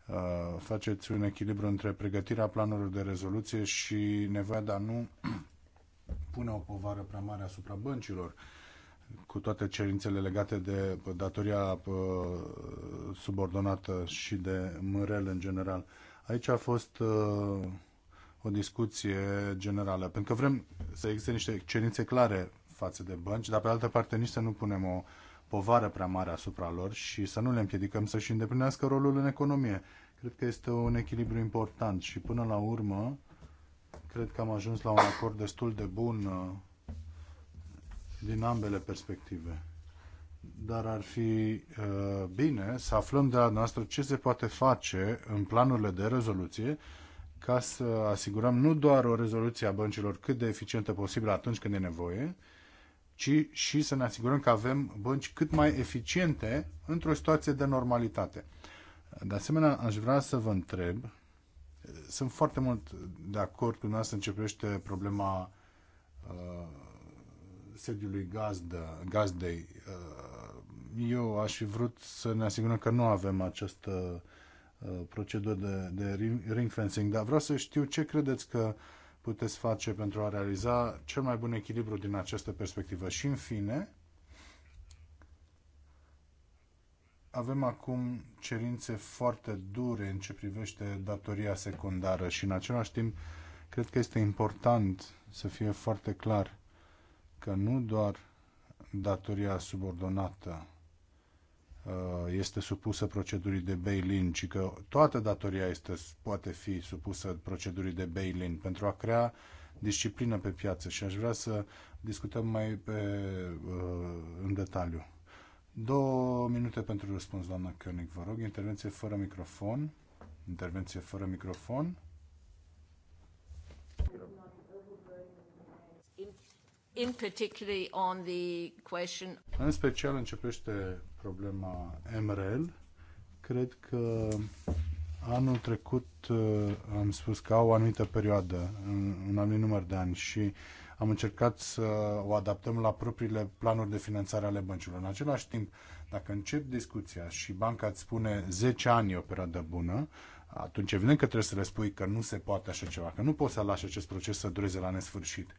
Speaker 3: Uh, faceți un echilibru între pregătirea planurilor de rezoluție și nevoia de a nu pune o povară prea mare asupra băncilor cu toate cerințele legate de datoria uh, subordonată și de MREL în general. Aici a fost uh, o discuție generală, pentru că vrem să existe niște cerințe clare față de bănci, dar pe altă parte nici să nu punem o uh, povară prea mare asupra lor și să nu le împiedicăm să-și îndeplinească rolul în economie. Cred că este un echilibru important și până la urmă cred că am ajuns la un acord destul de bun uh, din ambele perspective. Dar ar fi uh, bine să aflăm de la noastră ce se poate face în planurile de rezoluție ca să asigurăm nu doar o rezoluție a băncilor cât de eficientă posibil atunci când e nevoie, ci și să ne asigurăm că avem bănci cât mai eficiente într-o situație de normalitate. De asemenea, aș vrea să vă întreb, sunt foarte mult de acord cu noastră începește problema uh, sediului gazdă, gazdei. Uh, eu aș fi vrut să ne asigurăm că nu avem această uh, procedură de, de ring fencing, dar vreau să știu ce credeți că uh, puteți face pentru a realiza cel mai bun echilibru din această perspectivă. Și în fine, avem acum cerințe foarte dure în ce privește datoria secundară și în același timp cred că este important să fie foarte clar că nu doar datoria subordonată Uh, este supusă procedurii de bail-in, ci că toată datoria este, poate fi supusă procedurii de bail-in pentru a crea disciplină pe piață și aș vrea să discutăm mai pe, uh, în detaliu. Două minute pentru răspuns, doamna Koenig, vă rog. Intervenție fără microfon. Intervenție fără microfon
Speaker 4: in particularly on the question...
Speaker 3: În special începește problema MRL. Cred că anul trecut uh, am spus că au o anumită perioadă, un anumit număr de ani și am încercat să o adaptăm la propriile planuri de finanțare ale băncilor. În același timp, dacă încep discuția și banca îți spune 10 ani e o perioadă bună, atunci evident că trebuie să le spui că nu se poate așa ceva, că nu poți să lași acest proces să dureze la nesfârșit.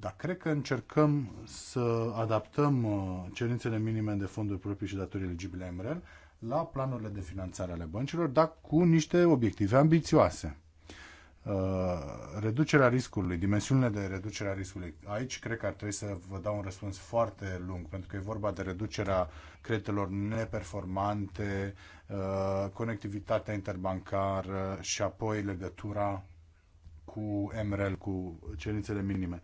Speaker 3: Dar cred că încercăm să adaptăm uh, cerințele minime de fonduri proprii și datorii eligibile MREL la planurile de finanțare ale băncilor, dar cu niște obiective ambițioase. Uh, reducerea riscului, dimensiunile de reducere a riscului. Aici cred că ar trebui să vă dau un răspuns foarte lung, pentru că e vorba de reducerea creditelor neperformante, uh, conectivitatea interbancară și apoi legătura cu MREL, cu cerințele minime.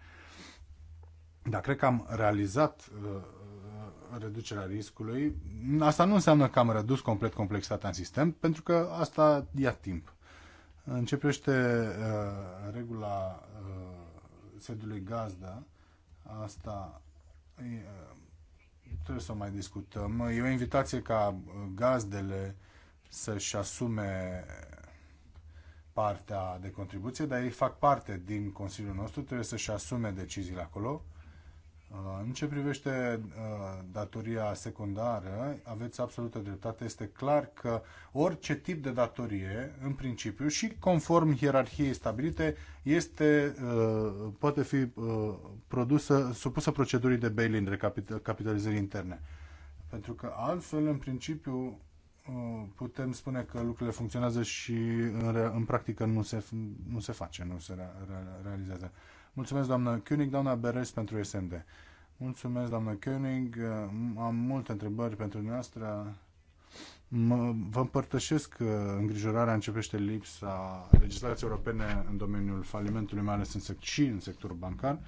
Speaker 3: Dar cred că am realizat uh, uh, reducerea riscului. Asta nu înseamnă că am redus complet complexitatea în sistem, pentru că asta ia timp. Începește uh, regula uh, sediului gazdă. Asta e, uh, trebuie să o mai discutăm. E o invitație ca gazdele să-și asume partea de contribuție, dar ei fac parte din Consiliul nostru, trebuie să-și asume deciziile acolo Uh, în ce privește uh, datoria secundară, aveți absolută dreptate. Este clar că orice tip de datorie, în principiu, și conform hierarhiei stabilite, este, uh, poate fi produsă, supusă procedurii de bail-in, recapitalizării interne. Pentru că altfel, în principiu, putem spune că lucrurile funcționează și în, în practică nu se, nu se face, nu se realizează. Mulțumesc, doamnă König, doamna Beres pentru SND. Mulțumesc, doamnă König. Am multe întrebări pentru dumneavoastră. Mă, vă împărtășesc că uh, îngrijorarea începește lipsa legislației europene în domeniul falimentului, mai ales în sec- și în sectorul bancar.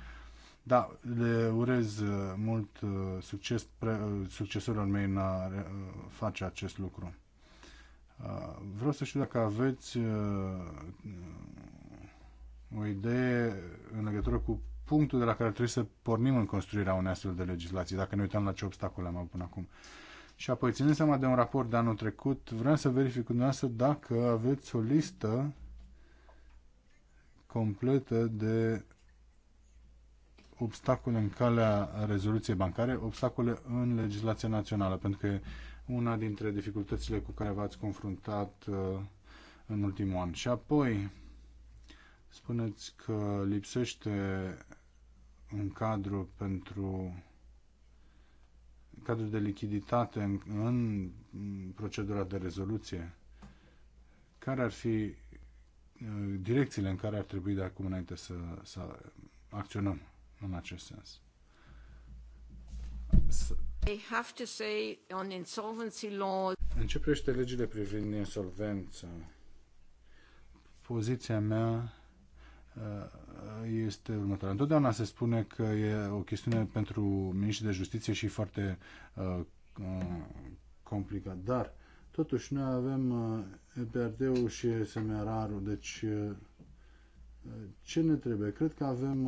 Speaker 3: Da, le urez uh, mult uh, succes pre, succesorilor mei în a face acest lucru. Vreau să știu dacă aveți o idee în legătură cu punctul de la care trebuie să pornim în construirea unei astfel de legislații, dacă ne uităm la ce obstacole am avut până acum. Și apoi, ținând seama de un raport de anul trecut, vreau să verific cu dumneavoastră dacă aveți o listă completă de obstacole în calea rezoluției bancare, obstacole în legislația națională, pentru că una dintre dificultățile cu care v-ați confruntat uh, în ultimul an. Și apoi, Spuneți că lipsește un cadru pentru cadru de lichiditate în, în procedura de rezoluție. Care ar fi uh, direcțiile în care ar trebui de acum înainte să, să acționăm în acest sens?
Speaker 4: I have to say on insolvency law.
Speaker 3: În ce privește legile privind insolvența, poziția mea Uh, este următoarea. Întotdeauna se spune că e o chestiune pentru miniștri de justiție și foarte uh, uh complicat, dar totuși noi avem uh, EPRD-ul și SMRR-ul, deci ce ne trebuie? Cred că avem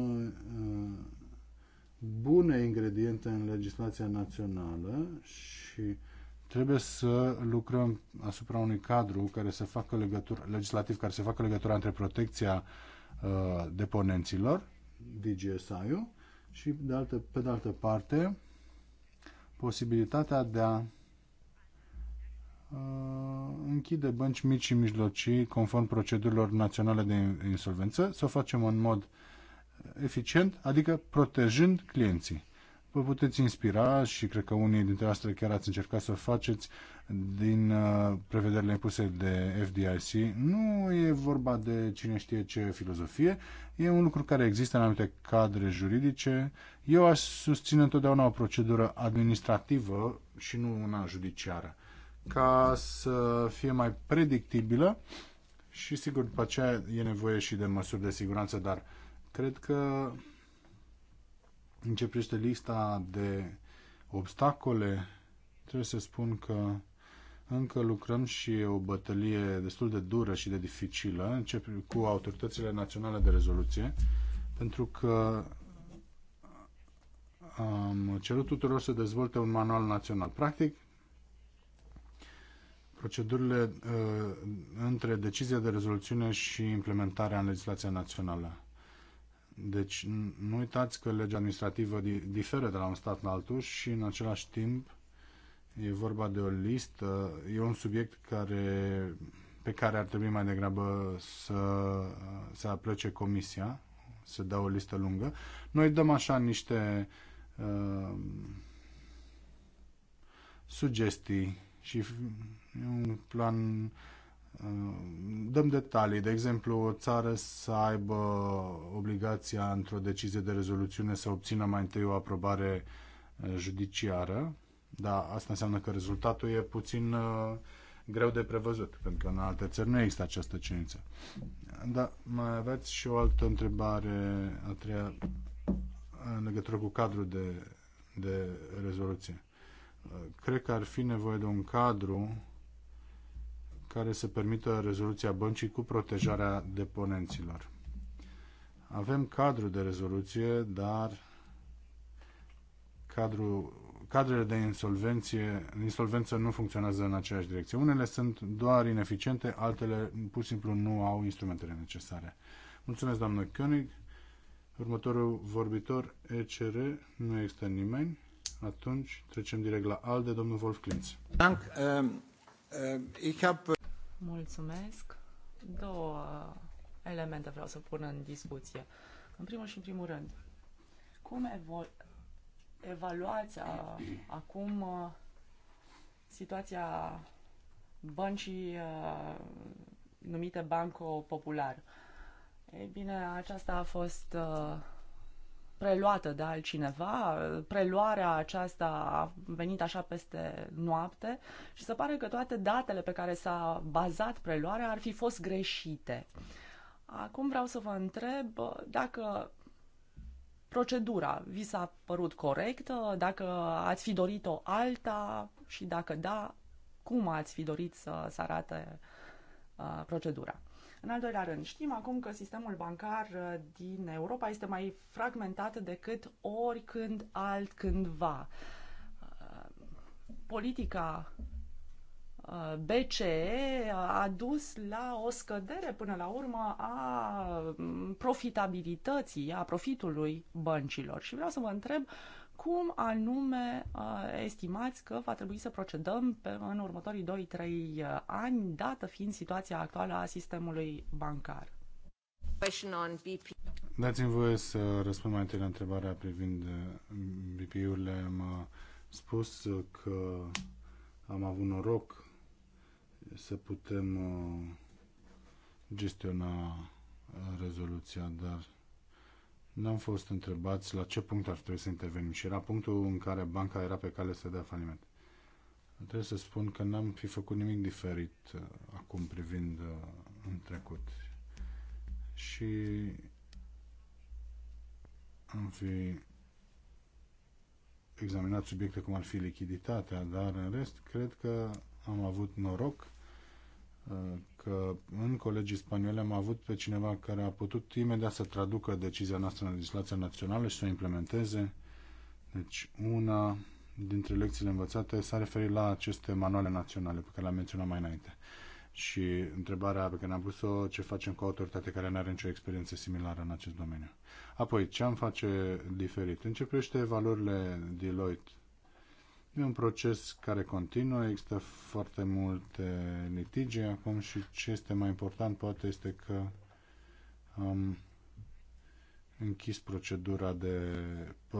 Speaker 3: bune ingrediente în legislația națională și trebuie să lucrăm asupra unui cadru care să facă legătură, legislativ care să facă legătura între protecția uh, Uh, deponenților, DGSI-ul, și de altă, pe de altă parte posibilitatea de a uh, închide bănci mici și mijlocii conform procedurilor naționale de insolvență, să o facem în mod eficient, adică protejând clienții vă puteți inspira și cred că unii dintre astea chiar ați încercat să faceți din uh, prevederile impuse de FDIC. Nu e vorba de cine știe ce filozofie, e un lucru care există în anumite cadre juridice. Eu aș susține întotdeauna o procedură administrativă și nu una judiciară ca să fie mai predictibilă și sigur după aceea e nevoie și de măsuri de siguranță, dar cred că în ce privește lista de obstacole, trebuie să spun că încă lucrăm și e o bătălie destul de dură și de dificilă încep cu autoritățile naționale de rezoluție, pentru că am cerut tuturor să dezvolte un manual național. Practic, procedurile uh, între decizia de rezoluție și implementarea în legislația națională. Deci nu uitați că legea administrativă diferă de la un stat la altul și în același timp e vorba de o listă, e un subiect care, pe care ar trebui mai degrabă să se aplece comisia, să dea o listă lungă. Noi dăm așa niște uh, sugestii și un plan Dăm detalii, de exemplu, o țară să aibă obligația într-o decizie de rezoluțiune să obțină mai întâi o aprobare uh, judiciară, dar asta înseamnă că rezultatul e puțin uh, greu de prevăzut, pentru că în alte țări nu există această cerință. Dar mai aveți și o altă întrebare, a treia, în legătură cu cadrul de, de rezoluție. Uh, cred că ar fi nevoie de un cadru care să permită rezoluția băncii cu protejarea deponenților. Avem cadru de rezoluție, dar cadru, cadrele de insolvenție, insolvență nu funcționează în aceeași direcție. Unele sunt doar ineficiente, altele pur și simplu nu au instrumentele necesare. Mulțumesc, doamnă König. Următorul vorbitor, ECR, nu există nimeni. Atunci trecem direct la ALDE, domnul Wolf Klintz. Dank. Ehm, ehm, ich habe
Speaker 2: Mulțumesc. Două elemente vreau să pun în discuție. În primul și în primul rând, cum evo- evaluați acum situația băncii numite Banco Popular? Ei bine, aceasta a fost preluată de altcineva. Preluarea aceasta a venit așa peste noapte și se pare că toate datele pe care s-a bazat preluarea ar fi fost greșite. Acum vreau să vă întreb dacă procedura vi s-a părut corectă, dacă ați fi dorit-o alta și dacă da, cum ați fi dorit să, să arate uh, procedura. În al doilea rând, știm acum că sistemul bancar uh, din Europa este mai fragmentat decât oricând altcândva. Uh, politica uh, BCE a dus la o scădere până la urmă a mm, profitabilității, a profitului băncilor. Și vreau să vă întreb cum anume estimați că va trebui să procedăm pe, în următorii 2-3 ani, dată fiind situația actuală a sistemului bancar?
Speaker 3: Dați-mi voie să răspund mai întâi la întrebarea privind BPI-urile. Am spus că am avut noroc să putem gestiona rezoluția, dar N-am fost întrebați la ce punct ar trebui să intervenim și era punctul în care banca era pe cale să dea faliment. Trebuie să spun că n-am fi făcut nimic diferit uh, acum privind uh, în trecut. Și am fi examinat subiecte cum ar fi lichiditatea, dar în rest cred că am avut noroc că în colegii spanioli am avut pe cineva care a putut imediat să traducă decizia noastră în legislația națională și să o implementeze. Deci una dintre lecțiile învățate s-a referit la aceste manuale naționale pe care le-am menționat mai înainte. Și întrebarea pe care ne-am pus-o, ce facem cu o autoritate care nu are nicio experiență similară în acest domeniu. Apoi, ce am face diferit? Începește valorile Deloitte E un proces care continuă, există foarte multe litigi acum și ce este mai important poate este că am închis procedura de,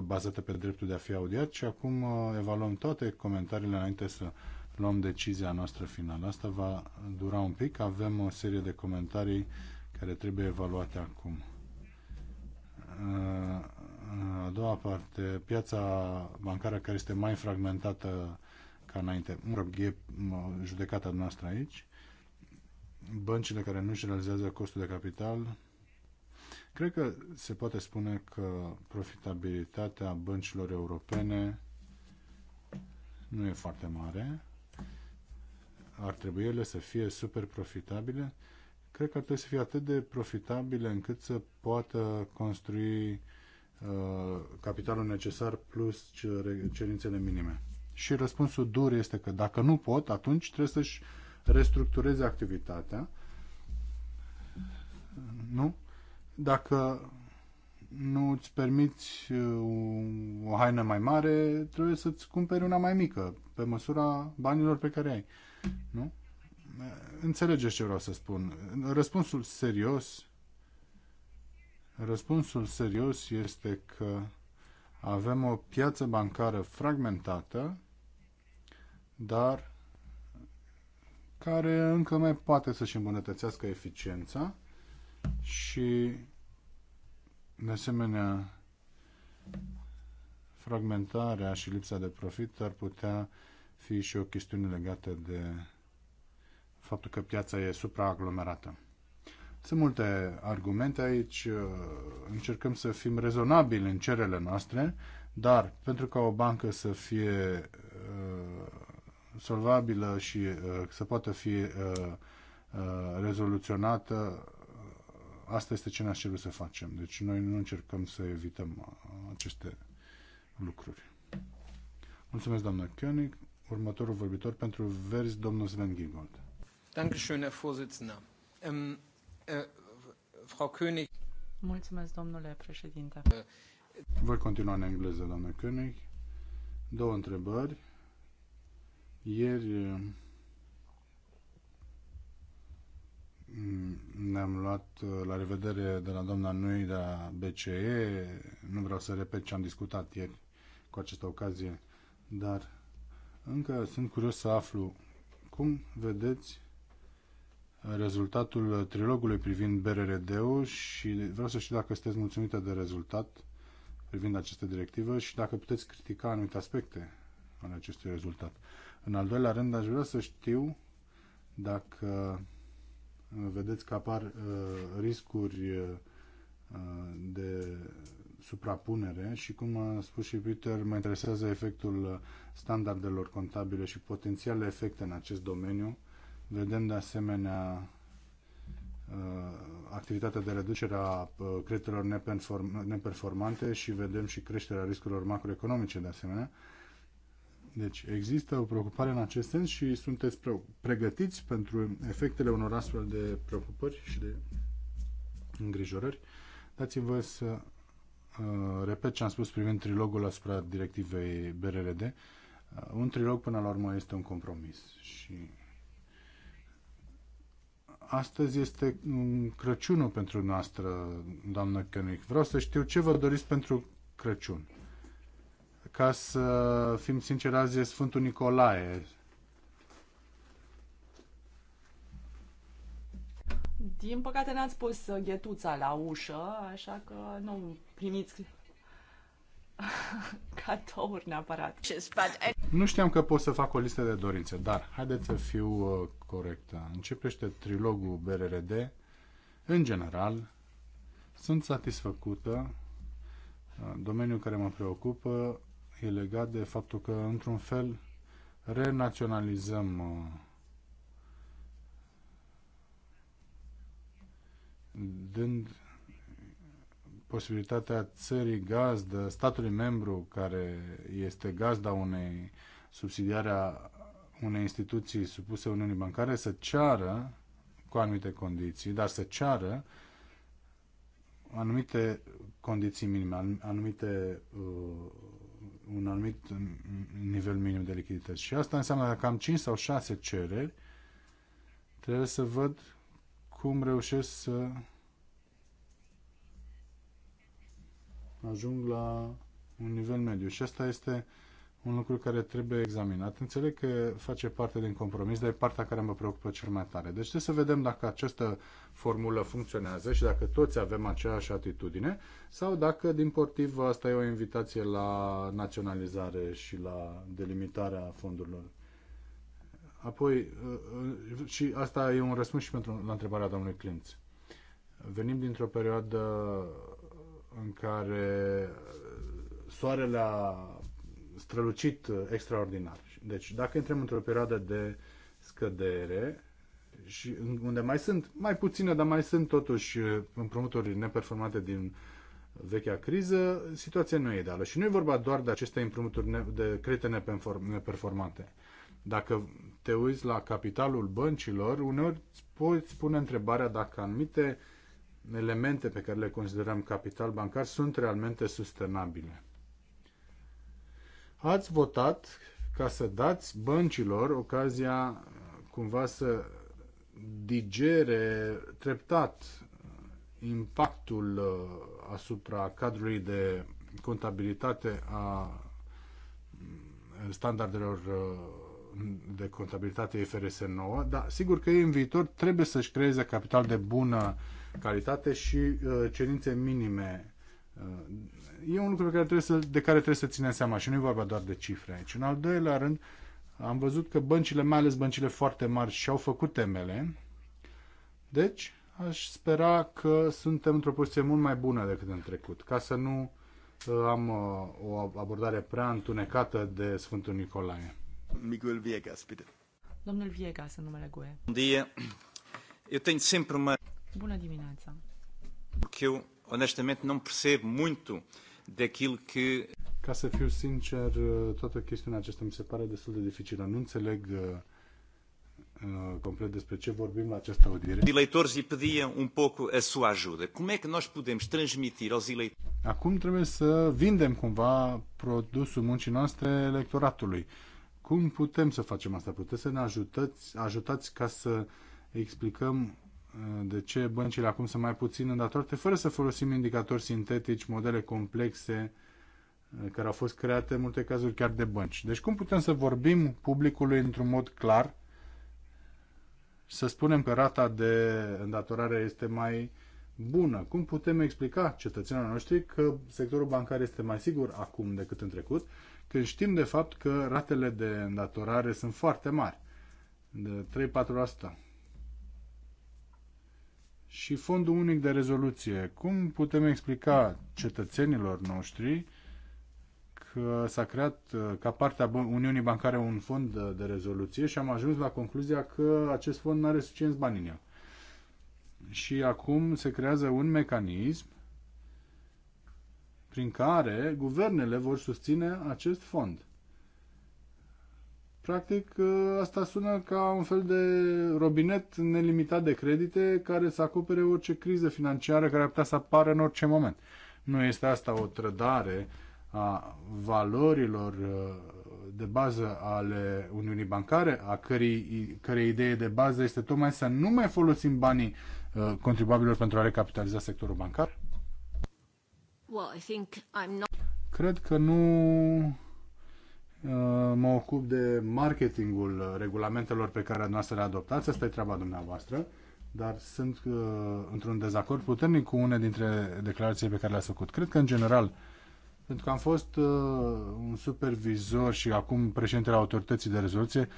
Speaker 3: bazată pe dreptul de a fi audiat și acum uh, evaluăm toate comentariile înainte să luăm decizia noastră finală. Asta va dura un pic, avem o serie de comentarii care trebuie evaluate acum. Uh, a doua parte, piața bancară care este mai fragmentată ca înainte. Mă rog, e judecata noastră aici. Băncile care nu își realizează costul de capital. Cred că se poate spune că profitabilitatea băncilor europene nu e foarte mare. Ar trebui ele să fie super profitabile. Cred că ar trebui să fie atât de profitabile încât să poată construi Uh, capitalul necesar plus cerințele minime. Și răspunsul dur este că dacă nu pot, atunci trebuie să-și restructureze activitatea. Nu? Dacă nu îți permiți uh, o haină mai mare, trebuie să-ți cumperi una mai mică, pe măsura banilor pe care ai. Nu? Înțelegeți ce vreau să spun. Răspunsul serios Răspunsul serios este că avem o piață bancară fragmentată, dar care încă mai poate să-și îmbunătățească eficiența și, de asemenea, fragmentarea și lipsa de profit ar putea fi și o chestiune legată de faptul că piața e supraaglomerată. Sunt multe argumente aici, uh, încercăm să fim rezonabili în cerele noastre, dar pentru ca o bancă să fie uh, solvabilă și uh, să poată fi uh, uh, rezoluționată, asta este ce ne aș să facem. Deci noi nu încercăm să evităm uh, aceste lucruri. Mulțumesc, doamnă König. Următorul vorbitor pentru verzi, domnul Sven
Speaker 1: Danke schön, Herr Vorsitzender. Ähm, Frau König.
Speaker 2: Mulțumesc, domnule președinte.
Speaker 3: Voi continua în engleză, doamnă König. Două întrebări. Ieri mm, ne-am luat la revedere de la doamna Nui de la BCE. Nu vreau să repet ce am discutat ieri cu această ocazie, dar încă sunt curios să aflu cum vedeți rezultatul trilogului privind BRRD-ul și vreau să știu dacă sunteți mulțumită de rezultat privind această directivă și dacă puteți critica anumite aspecte ale acestui rezultat. În al doilea rând, aș vrea să știu dacă uh, vedeți că apar uh, riscuri uh, de suprapunere și, cum a spus și Peter, mă interesează efectul uh, standardelor contabile și potențiale efecte în acest domeniu Vedem de asemenea uh, activitatea de reducere a uh, creditelor neperformante și vedem și creșterea riscurilor macroeconomice de asemenea. Deci există o preocupare în acest sens și sunteți pregătiți pentru efectele unor astfel de preocupări și de îngrijorări. dați vă să uh, repet ce am spus privind trilogul asupra directivei BRRD. Uh, un trilog până la urmă este un compromis și Astăzi este Crăciunul pentru noastră, doamnă König. Vreau să știu ce vă doriți pentru Crăciun. Ca să fim sinceri, azi e Sfântul Nicolae.
Speaker 2: Din păcate n-ați pus uh, ghetuța la ușă, așa că nu primiți cadouri neapărat.
Speaker 3: Nu știam că pot să fac o listă de dorințe, dar haideți să fiu uh, corectă. Începește trilogul BRRD. În general, sunt satisfăcută. Uh, domeniul care mă preocupă e legat de faptul că, într-un fel, renaționalizăm uh, dând posibilitatea țării gazdă, statului membru care este gazda unei subsidiare a unei instituții supuse Uniunii Bancare să ceară cu anumite condiții, dar să ceară anumite condiții minime, anumite, uh, un anumit nivel minim de lichidități. Și asta înseamnă că am 5 sau 6 cereri, trebuie să văd cum reușesc să ajung la un nivel mediu. Și asta este un lucru care trebuie examinat. Înțeleg că face parte din compromis, dar e partea care mă preocupă cel mai tare. Deci trebuie să vedem dacă această formulă funcționează și dacă toți avem aceeași atitudine sau dacă, din portiv, asta e o invitație la naționalizare și la delimitarea fondurilor. Apoi, uh, și asta e un răspuns și pentru la întrebarea domnului Clinț. Venim dintr-o perioadă în care uh, soarele a strălucit uh, extraordinar. Deci dacă intrăm într-o perioadă de scădere și unde mai sunt, mai puține, dar mai sunt totuși uh, împrumuturi neperformate din vechea criză, situația nu e ideală. Și nu e vorba doar de aceste împrumuturi de credite neperformante. Dacă te uiți la capitalul băncilor, uneori îți poți pune întrebarea dacă anumite uh, elemente pe care le considerăm capital bancar sunt realmente sustenabile. Ați votat ca să dați băncilor ocazia uh, cumva să digere treptat uh, impactul uh, asupra cadrului de contabilitate a standardelor de contabilitate IFRS 9, dar sigur că ei în viitor trebuie să-și creeze capital de bună calitate și uh, cerințe minime. Uh, e un lucru pe care trebuie să, de care trebuie să ținem seama și nu e vorba doar de cifre aici. În al doilea rând, am văzut că băncile, mai ales băncile foarte mari, și-au făcut temele. Deci, aș spera că suntem într-o poziție mult mai bună decât în trecut, ca să nu uh, am uh, o abordare prea întunecată de Sfântul Nicolae. Miguel Viegas, bine.
Speaker 2: Domnul Viegas, în numele GUE.
Speaker 3: Bun dia. Eu tenho sempre uma...
Speaker 2: Bună dimineața!
Speaker 3: Porque eu, honestamente, não percebo muito daquilo que... Ca să fiu sincer, toată chestiunea aceasta mi se pare destul de dificilă. Nu înțeleg uh, uh complet despre ce vorbim la această audiere. Eleitorii eleitores lhe un um a sua ajuda. Como é que nós podemos transmitir aos eleitores? Acum trebuie să vindem cumva produsul muncii noastre electoratului. Cum putem să facem asta? Puteți să ne ajutați, ajutați ca să explicăm de ce băncile acum sunt mai puțin îndatorate, fără să folosim indicatori sintetici, modele complexe uh, care au fost create în multe cazuri chiar de bănci. Deci cum putem să vorbim publicului într-un mod clar, să spunem că rata de îndatorare este mai bună? Cum putem explica cetățenilor noștri că sectorul bancar este mai sigur acum decât în trecut, când știm de fapt că ratele de îndatorare sunt foarte mari, de 3-4%? și fondul unic de rezoluție. Cum putem explica cetățenilor noștri că s-a creat uh, ca parte a Uniunii Bancare un fond de rezoluție și am ajuns la concluzia că acest fond nu are suficienți bani în el. Și acum se creează un mecanism prin care guvernele vor susține acest fond. Practic, ă, asta sună ca un fel de robinet nelimitat de credite care să acopere orice criză financiară care ar putea să apară în orice moment. Nu este asta o trădare a valorilor ă, de bază ale Uniunii Bancare, a cărei, cărei idee de bază este tocmai să nu mai folosim banii ă, contribuabililor pentru a recapitaliza sectorul bancar?
Speaker 1: Well, I think I'm not...
Speaker 3: Cred că nu Uh, mă ocup de marketingul regulamentelor pe care noastră le adoptați, asta e treaba dumneavoastră, dar sunt uh, într-un dezacord puternic cu une dintre declarațiile pe care le-ați făcut. Cred că, în general, pentru că am fost uh, un supervizor și acum președintele autorității de rezoluție,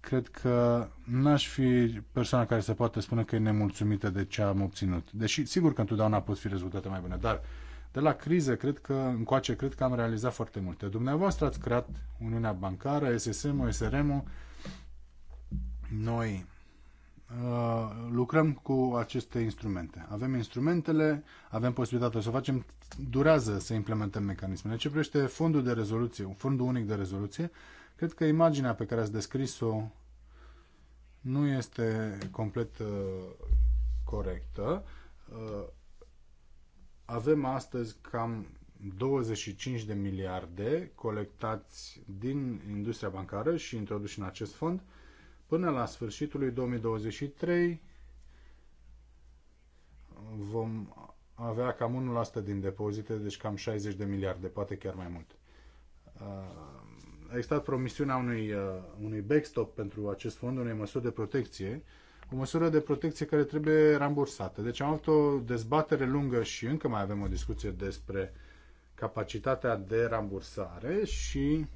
Speaker 3: cred că n-aș fi persoana care se poate spune că e nemulțumită de ce am obținut. Deși, sigur că întotdeauna pot fi rezultate mai bune, dar uh, de la crize, cred că încoace, cred că am realizat foarte multe. Dumneavoastră ați creat Uniunea Bancară, SSM-ul, SRM-ul. Noi uh, lucrăm cu aceste instrumente. Avem instrumentele, avem posibilitatea să o facem, durează să implementăm mecanismele. Ce privește fondul de rezoluție, fondul unic de rezoluție, cred că imaginea pe care ați descris-o nu este complet uh, corectă. Uh, avem astăzi cam 25 de miliarde colectați din industria bancară și introduși în acest fond până la sfârșitul lui 2023 vom avea cam 1% din depozite, deci cam 60 de miliarde, poate chiar mai mult. A existat promisiunea unui, uh, unui backstop pentru acest fond, unei măsuri de protecție o măsură de protecție care trebuie rambursată. Deci am avut o dezbatere lungă și încă mai avem o discuție despre capacitatea de rambursare și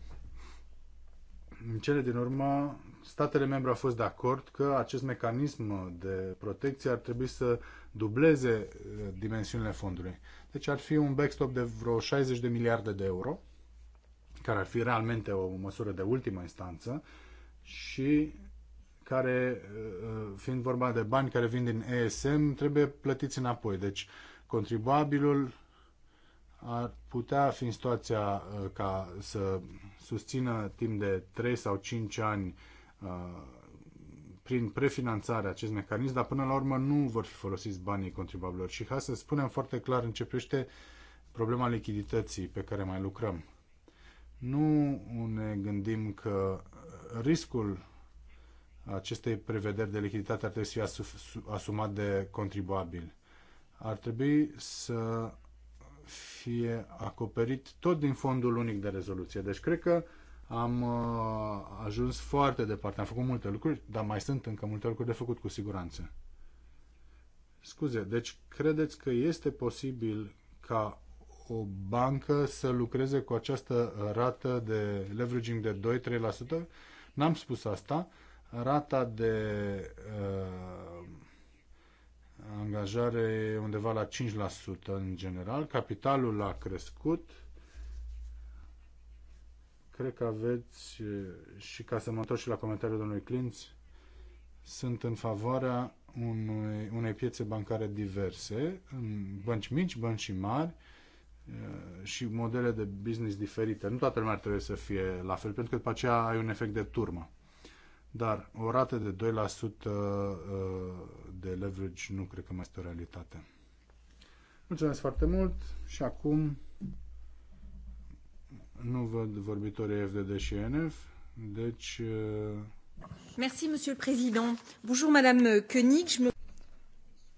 Speaker 3: în cele din urmă statele membre au fost de acord că acest mecanism de protecție ar trebui să dubleze uh, dimensiunile fondului. Deci ar fi un backstop de vreo 60 de miliarde de euro, care ar fi realmente o măsură de ultimă instanță și care, uh, fiind vorba de bani care vin din ESM, trebuie plătiți înapoi. Deci, contribuabilul ar putea fi în situația uh, ca să susțină timp de 3 sau 5 ani uh, prin prefinanțare acest mecanism, dar până la urmă nu vor fi folosiți banii contribuabililor. Și ca să spunem foarte clar, începește problema lichidității pe care mai lucrăm. Nu ne gândim că riscul aceste prevederi de lichiditate ar trebui să fie asumat de contribuabil. Ar trebui să fie acoperit tot din fondul unic de rezoluție. Deci cred că am uh, ajuns foarte departe. Am făcut multe lucruri, dar mai sunt încă multe lucruri de făcut cu siguranță. Scuze, deci credeți că este posibil ca o bancă să lucreze cu această rată de leveraging de 2-3%? N-am spus asta, Rata de uh, angajare e undeva la 5% în general. Capitalul a crescut. Cred că aveți, uh, și ca să mă întorc și la comentariul domnului Clinț, sunt în favoarea unui, unei piețe bancare diverse, bănci mici, bănci mari uh, și modele de business diferite. Nu toată lumea trebuie să fie la fel, pentru că după aceea ai un efect de turmă. Dar o rată de 2% uh, de leverage nu cred că mai este o realitate. Mulțumesc foarte mult și acum nu văd vorbitorii FDD și NF, deci... Uh, Merci,
Speaker 1: Monsieur le Président. Bonjour, Madame Koenig. Me...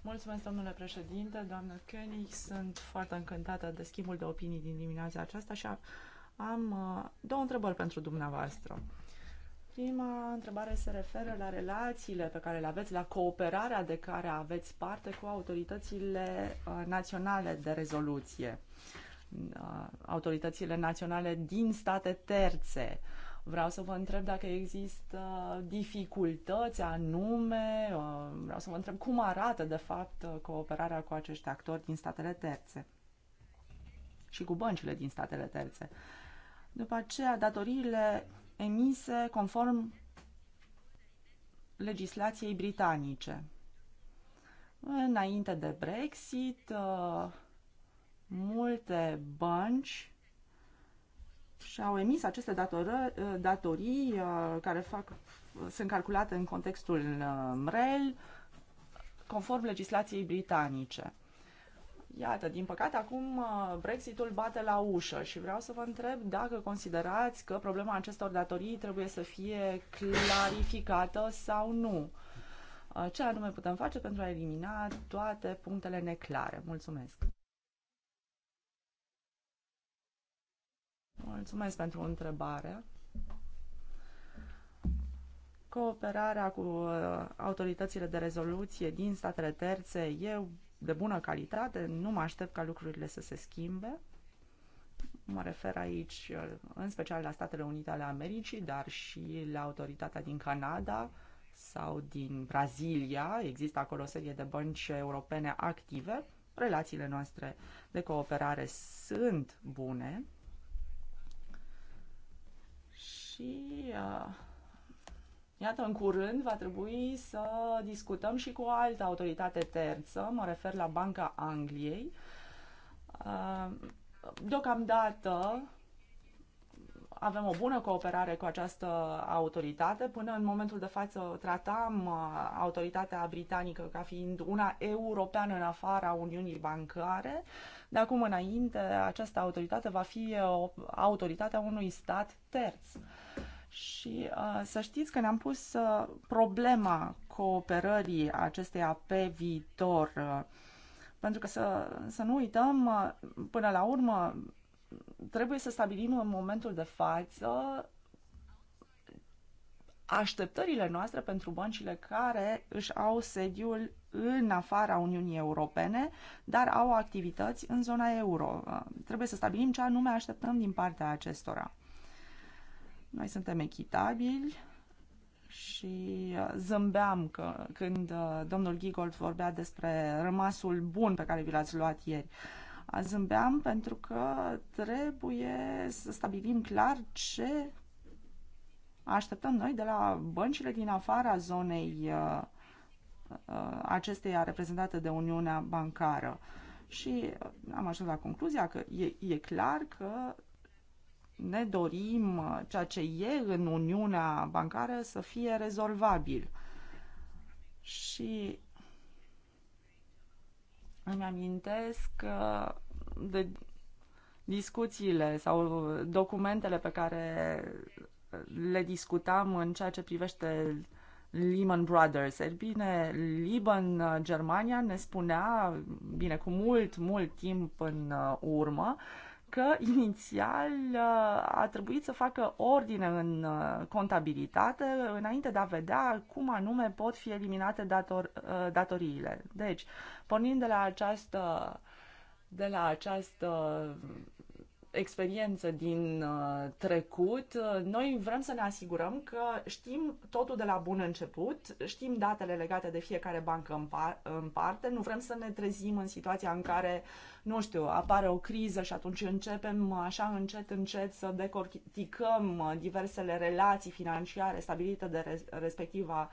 Speaker 2: Mulțumesc, domnule președinte, doamnă Koenig. Sunt foarte încântată de schimbul de opinii din dimineața aceasta și am uh, două întrebări pentru dumneavoastră. Prima întrebare se referă la relațiile pe care le aveți, la cooperarea de care aveți parte cu autoritățile uh, naționale de rezoluție, uh, autoritățile naționale din state terțe. Vreau să vă întreb dacă există dificultăți anume, uh, vreau să vă întreb cum arată, de fapt, cooperarea cu acești actori din statele terțe și cu băncile din statele terțe. După aceea, datoriile emise conform legislației britanice. Înainte de Brexit, uh, multe bănci și-au emis aceste uh, datorii uh, care fac, sunt calculate în contextul MREL, conform legislației britanice. Iată, din păcate, acum uh, Brexitul bate la ușă și vreau să vă întreb dacă considerați că problema acestor datorii trebuie să fie clarificată sau nu. Uh, ce anume putem face pentru a elimina toate punctele neclare? Mulțumesc! Mulțumesc pentru întrebare. Cooperarea cu uh, autoritățile de rezoluție din statele terțe e de bună calitate, nu mă aștept ca lucrurile să se schimbe. Mă refer aici uh, în special la Statele Unite ale Americii, dar și la autoritatea din Canada sau din Brazilia. Există acolo o serie de bănci europene active. Relațiile noastre de cooperare sunt bune și uh, Iată, în curând va trebui să discutăm și cu o altă autoritate terță, mă refer la Banca Angliei. Uh, deocamdată avem o bună cooperare cu această autoritate. Până în momentul de față tratam uh, autoritatea britanică ca fiind una europeană în afara Uniunii Bancare. De acum înainte, această autoritate va fi uh, autoritatea unui stat terț. Și uh, să știți că ne-am pus uh, problema cooperării acesteia pe viitor. Uh, pentru că să, să nu uităm, uh, până la urmă, trebuie să stabilim în momentul de față așteptările noastre pentru băncile care își au sediul în afara Uniunii Europene, dar au activități în zona euro. Uh, trebuie să stabilim ce anume așteptăm din partea acestora. Noi suntem echitabili și uh, zâmbeam că, când uh, domnul Gigold vorbea despre rămasul bun pe care vi l-ați luat ieri. Zâmbeam pentru că trebuie să stabilim clar ce așteptăm noi de la băncile din afara zonei uh, acesteia reprezentată de Uniunea Bancară. Și am ajuns la concluzia că e, e clar că ne dorim uh, ceea ce e în Uniunea Bancară să fie rezolvabil. Și îmi amintesc uh, de discuțiile sau documentele pe care le discutam în ceea ce privește Lehman Brothers. Ei bine, Liban, uh, Germania, ne spunea, bine, cu mult, mult timp în urmă, că inițial uh, a trebuit să facă ordine în uh, contabilitate înainte de a vedea cum anume pot fi eliminate dator, uh, datoriile. Deci, pornind de la această de la această experiență din uh, trecut, uh, noi vrem să ne asigurăm că știm totul de la bun început, știm datele legate de fiecare bancă în, par- în parte, nu vrem să ne trezim în situația în care, nu știu, apare o criză și atunci începem așa încet, încet să decorticăm uh, diversele relații financiare stabilite de respectiva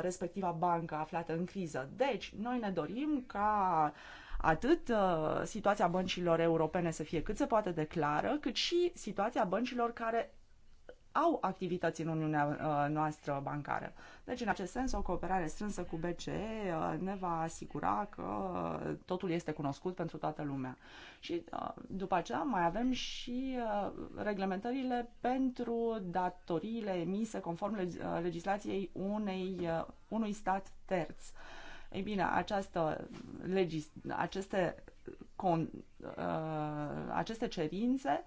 Speaker 2: respectiva bancă aflată în criză. Deci, noi ne dorim ca uh, atât uh, situația băncilor europene să fie cât se poate de clară, cât și situația băncilor care au activități în Uniunea uh, noastră bancară. Deci, în acest sens, o cooperare strânsă cu BCE uh, ne va asigura că uh, totul este cunoscut pentru toată lumea. Și după aceea mai avem și reglementările pentru datoriile emise conform legislației unei, unui stat terț. Uh, ei bine, această legis- aceste, con, uh, aceste cerințe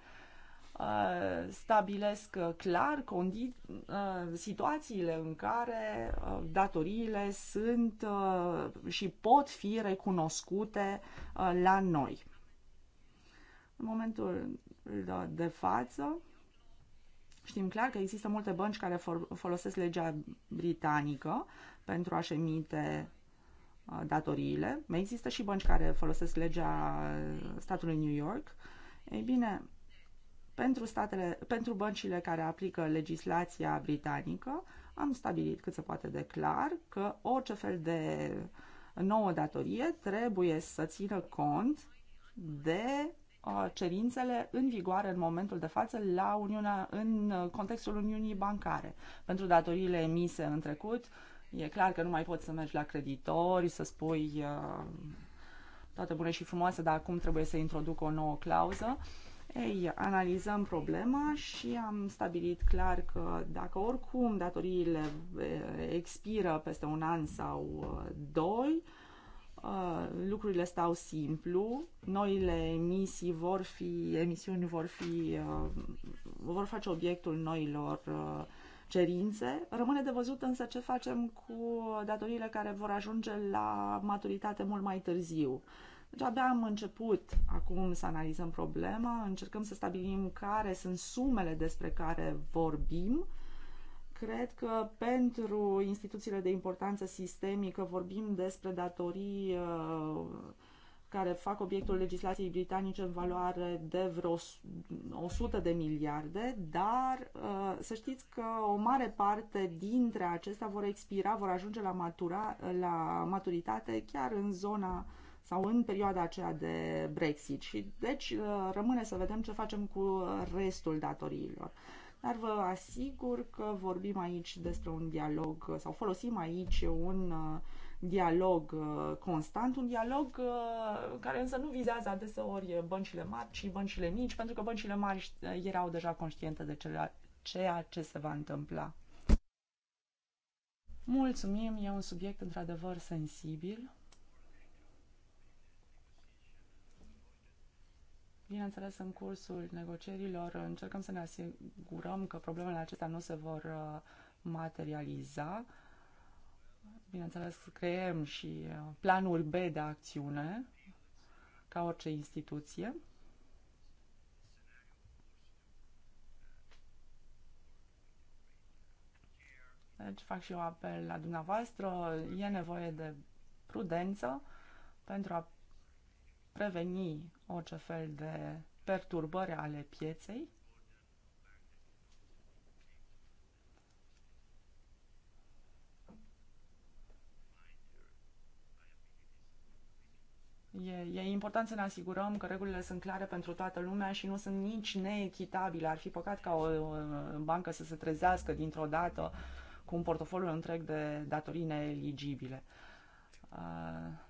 Speaker 2: uh, stabilesc clar condi- uh, situațiile în care uh, datoriile sunt uh, și pot fi recunoscute uh, la noi. În momentul de față, Știm clar că există multe bănci care folosesc legea britanică pentru a-și emite Uh, datoriile. Mai există și bănci care folosesc legea statului New York. Ei bine, pentru, statele, pentru băncile care aplică legislația britanică, am stabilit cât se poate de clar că orice fel de nouă datorie trebuie să țină cont de uh, cerințele în vigoare în momentul de față la Uniunea, în uh, contextul Uniunii Bancare. Pentru datoriile emise în trecut, E clar că nu mai poți să mergi la creditori, să spui uh, toate bune și frumoase, dar acum trebuie să introduc o nouă clauză. Ei, analizăm problema și am stabilit clar că dacă oricum datoriile expiră peste un an sau uh, doi, uh, lucrurile stau simplu, noile emisii vor fi, emisiuni vor fi, vor face obiectul noilor cerințe. Rămâne de văzut însă ce facem cu datoriile care vor ajunge la maturitate mult mai târziu. Deci abia am început acum să analizăm problema, încercăm să stabilim care sunt sumele despre care vorbim. Cred că pentru instituțiile de importanță sistemică vorbim despre datorii uh, care fac obiectul legislației britanice în valoare de vreo 100 de miliarde, dar uh, să știți că o mare parte dintre acestea vor expira, vor ajunge la, matura, la maturitate chiar în zona sau în perioada aceea de Brexit. Și deci uh, rămâne să vedem ce facem cu restul datoriilor. Dar vă asigur că vorbim aici despre un dialog sau folosim aici un uh, dialog uh, constant, un dialog uh, care însă nu vizează adeseori băncile mari, ci băncile mici, pentru că băncile mari uh, erau deja conștiente de ceea ce se va întâmpla. Mulțumim, e un subiect într-adevăr sensibil. Bineînțeles, în cursul negocierilor încercăm să ne asigurăm că problemele acestea nu se vor materializa bineînțeles, creăm și uh, planul B de acțiune, ca orice instituție. Deci fac și eu apel la dumneavoastră, e nevoie de prudență pentru a preveni orice fel de perturbări ale pieței. E, e important să ne asigurăm că regulile sunt clare pentru toată lumea și nu sunt nici neechitabile. Ar fi păcat ca o, o bancă să se trezească dintr-o dată cu un portofoliu întreg de datorii neeligibile.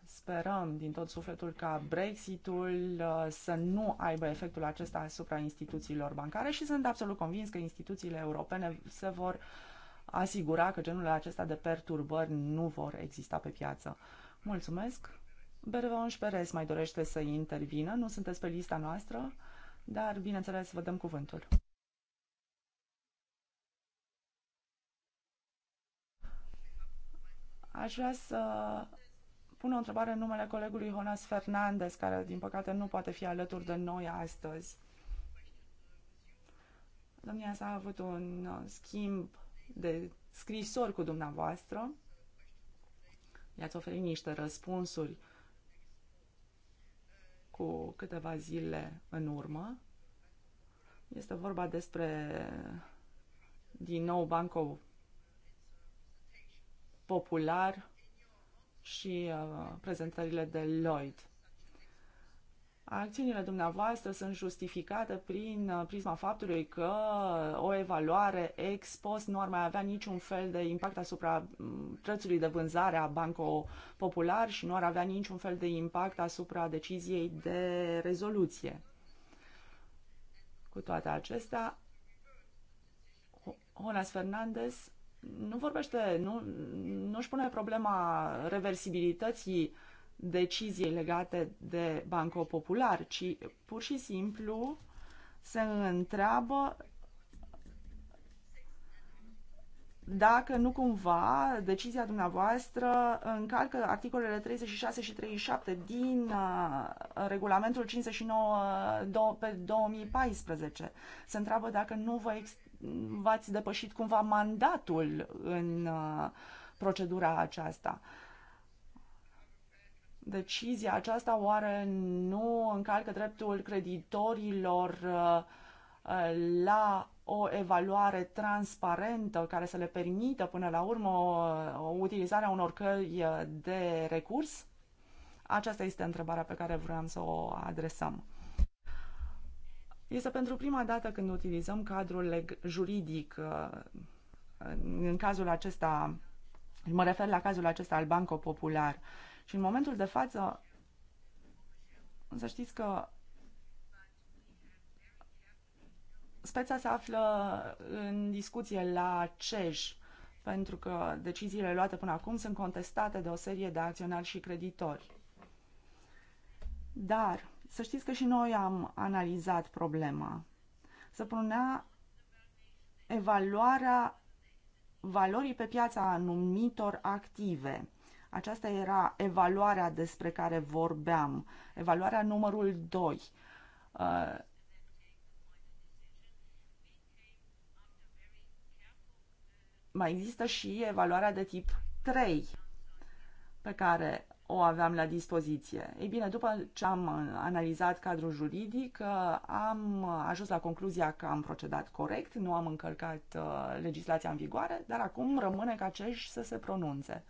Speaker 2: Sperăm din tot sufletul ca Brexitul să nu aibă efectul acesta asupra instituțiilor bancare și sunt absolut convins că instituțiile europene se vor asigura că genul acesta de perturbări nu vor exista pe piață. Mulțumesc! Bervanș Perez mai dorește să intervină, nu sunteți pe lista noastră, dar bineînțeles vă dăm cuvântul. Aș vrea să pun o întrebare în numele colegului Jonas Fernandez, care din păcate nu poate fi alături de noi astăzi. Domnia s-a avut un uh, schimb de scrisori cu dumneavoastră. I-ați oferit niște răspunsuri cu câteva zile în urmă. Este vorba despre, din nou, Banco Popular și uh, prezentările de Lloyd. Acțiunile dumneavoastră sunt justificate prin uh, prisma faptului că o evaluare ex post nu ar mai avea niciun fel de impact asupra mm, prețului de vânzare a Banco Popular și nu ar avea niciun fel de impact asupra deciziei de rezoluție. Cu toate acestea, Jonas Fernandez nu vorbește, nu, nu își pune problema reversibilității uh, decizii legate de Banco Popular, ci pur și simplu se întreabă dacă nu cumva decizia dumneavoastră încalcă articolele 36 și 37 din uh, regulamentul 59 pe 2014. Se întreabă dacă nu vă v-ați depășit cumva mandatul în uh, procedura aceasta. Uh, Decizia aceasta oare nu încalcă dreptul creditorilor uh, la o evaluare transparentă care să le permită până la urmă utilizarea unor căi de recurs? Aceasta este întrebarea pe care vreau să o adresăm. Este pentru prima dată când utilizăm cadrul juridic, uh, în cazul acesta, mă refer la cazul acesta al Banco Popular, și în momentul de față, să știți că speța se află în discuție la CEJ, pentru că deciziile luate până acum sunt contestate de o serie de acționari și creditori. Dar să știți că și noi am analizat problema. să punea evaluarea valorii pe piața anumitor active. Aceasta era evaluarea despre care vorbeam, evaluarea numărul 2. Uh, mai există și evaluarea de tip 3 pe care o aveam la dispoziție. Ei bine, după ce am analizat cadrul juridic, uh, am ajuns la concluzia că am procedat corect, nu am încălcat uh, legislația în vigoare, dar acum rămâne ca cei să se pronunțe.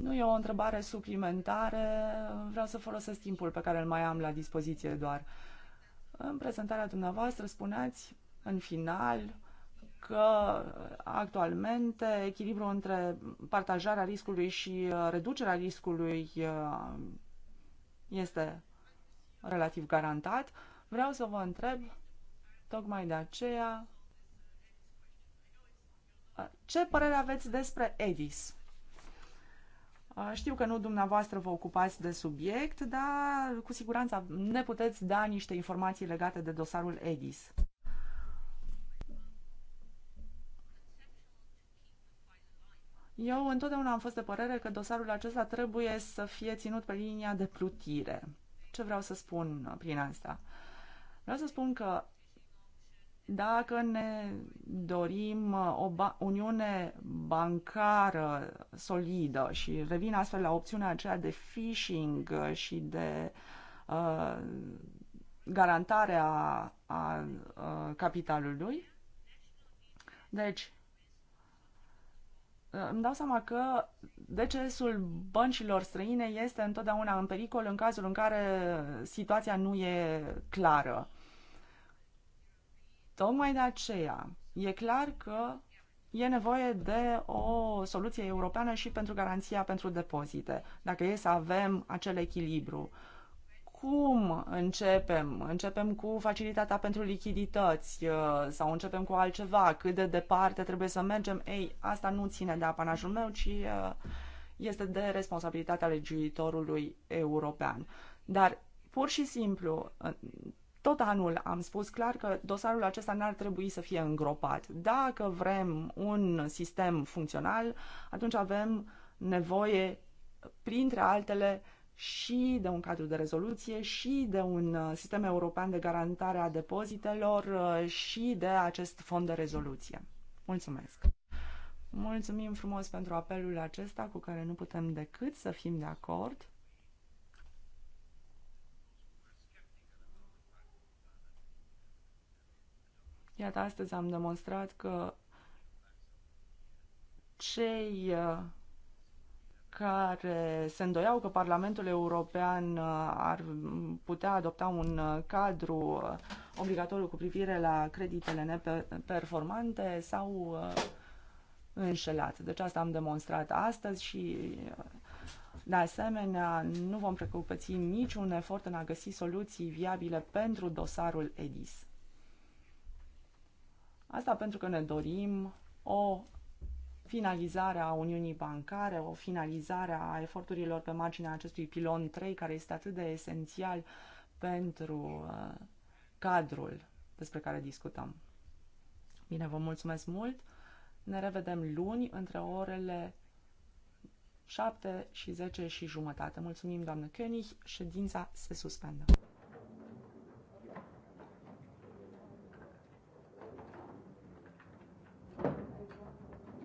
Speaker 2: Nu e o întrebare suplimentară. vreau să folosesc timpul pe care îl mai am la dispoziție doar. În prezentarea dumneavoastră spuneați în final că actualmente echilibrul între partajarea riscului și uh, reducerea riscului uh, este relativ garantat. Vreau să vă întreb tocmai de aceea uh, ce părere aveți despre EDIS? Știu că nu dumneavoastră vă ocupați de subiect, dar cu siguranță ne puteți da niște informații legate de dosarul EDIS. Eu întotdeauna am fost de părere că dosarul acesta trebuie să fie ținut pe linia de plutire. Ce vreau să spun prin asta? Vreau să spun că dacă ne dorim uh, o ba- uniune bancară solidă și revin astfel la opțiunea aceea de phishing uh, și de uh, garantare a, uh, capitalului, deci uh, îmi dau seama că decesul băncilor străine este întotdeauna în pericol în cazul în care situația nu e clară. Tocmai de aceea e clar că e nevoie de o soluție europeană și pentru garanția pentru depozite, dacă e să avem acel echilibru. Cum începem? Începem cu facilitatea pentru lichidități uh, sau începem cu altceva? Cât de departe trebuie să mergem? Ei, asta nu ține de apanajul meu, ci uh, este de responsabilitatea legiuitorului european. Dar pur și simplu tot anul am spus clar că dosarul acesta n-ar trebui să fie îngropat. Dacă vrem un sistem funcțional, atunci avem nevoie, printre altele, și de un cadru de rezoluție, și de un uh, sistem european de garantare a depozitelor, uh, și de acest fond de rezoluție. Mulțumesc! Mulțumim frumos pentru apelul acesta cu care nu putem decât să fim de acord. Iată, astăzi am demonstrat că cei uh, care se îndoiau că Parlamentul European uh, ar putea adopta un uh, cadru obligatoriu cu privire la creditele neperformante sau înșelat. Deci asta am demonstrat astăzi și de asemenea nu vom precupăți niciun efort în a găsi soluții viabile pentru dosarul EDIS. Asta pentru că ne dorim o finalizare a Uniunii Bancare, o finalizare a eforturilor pe marginea acestui pilon 3, care este atât de esențial pentru uh, cadrul despre care discutăm. Bine, vă mulțumesc mult! Ne revedem luni între orele 7 și 10 și jumătate. Mulțumim, doamnă König, ședința se suspendă.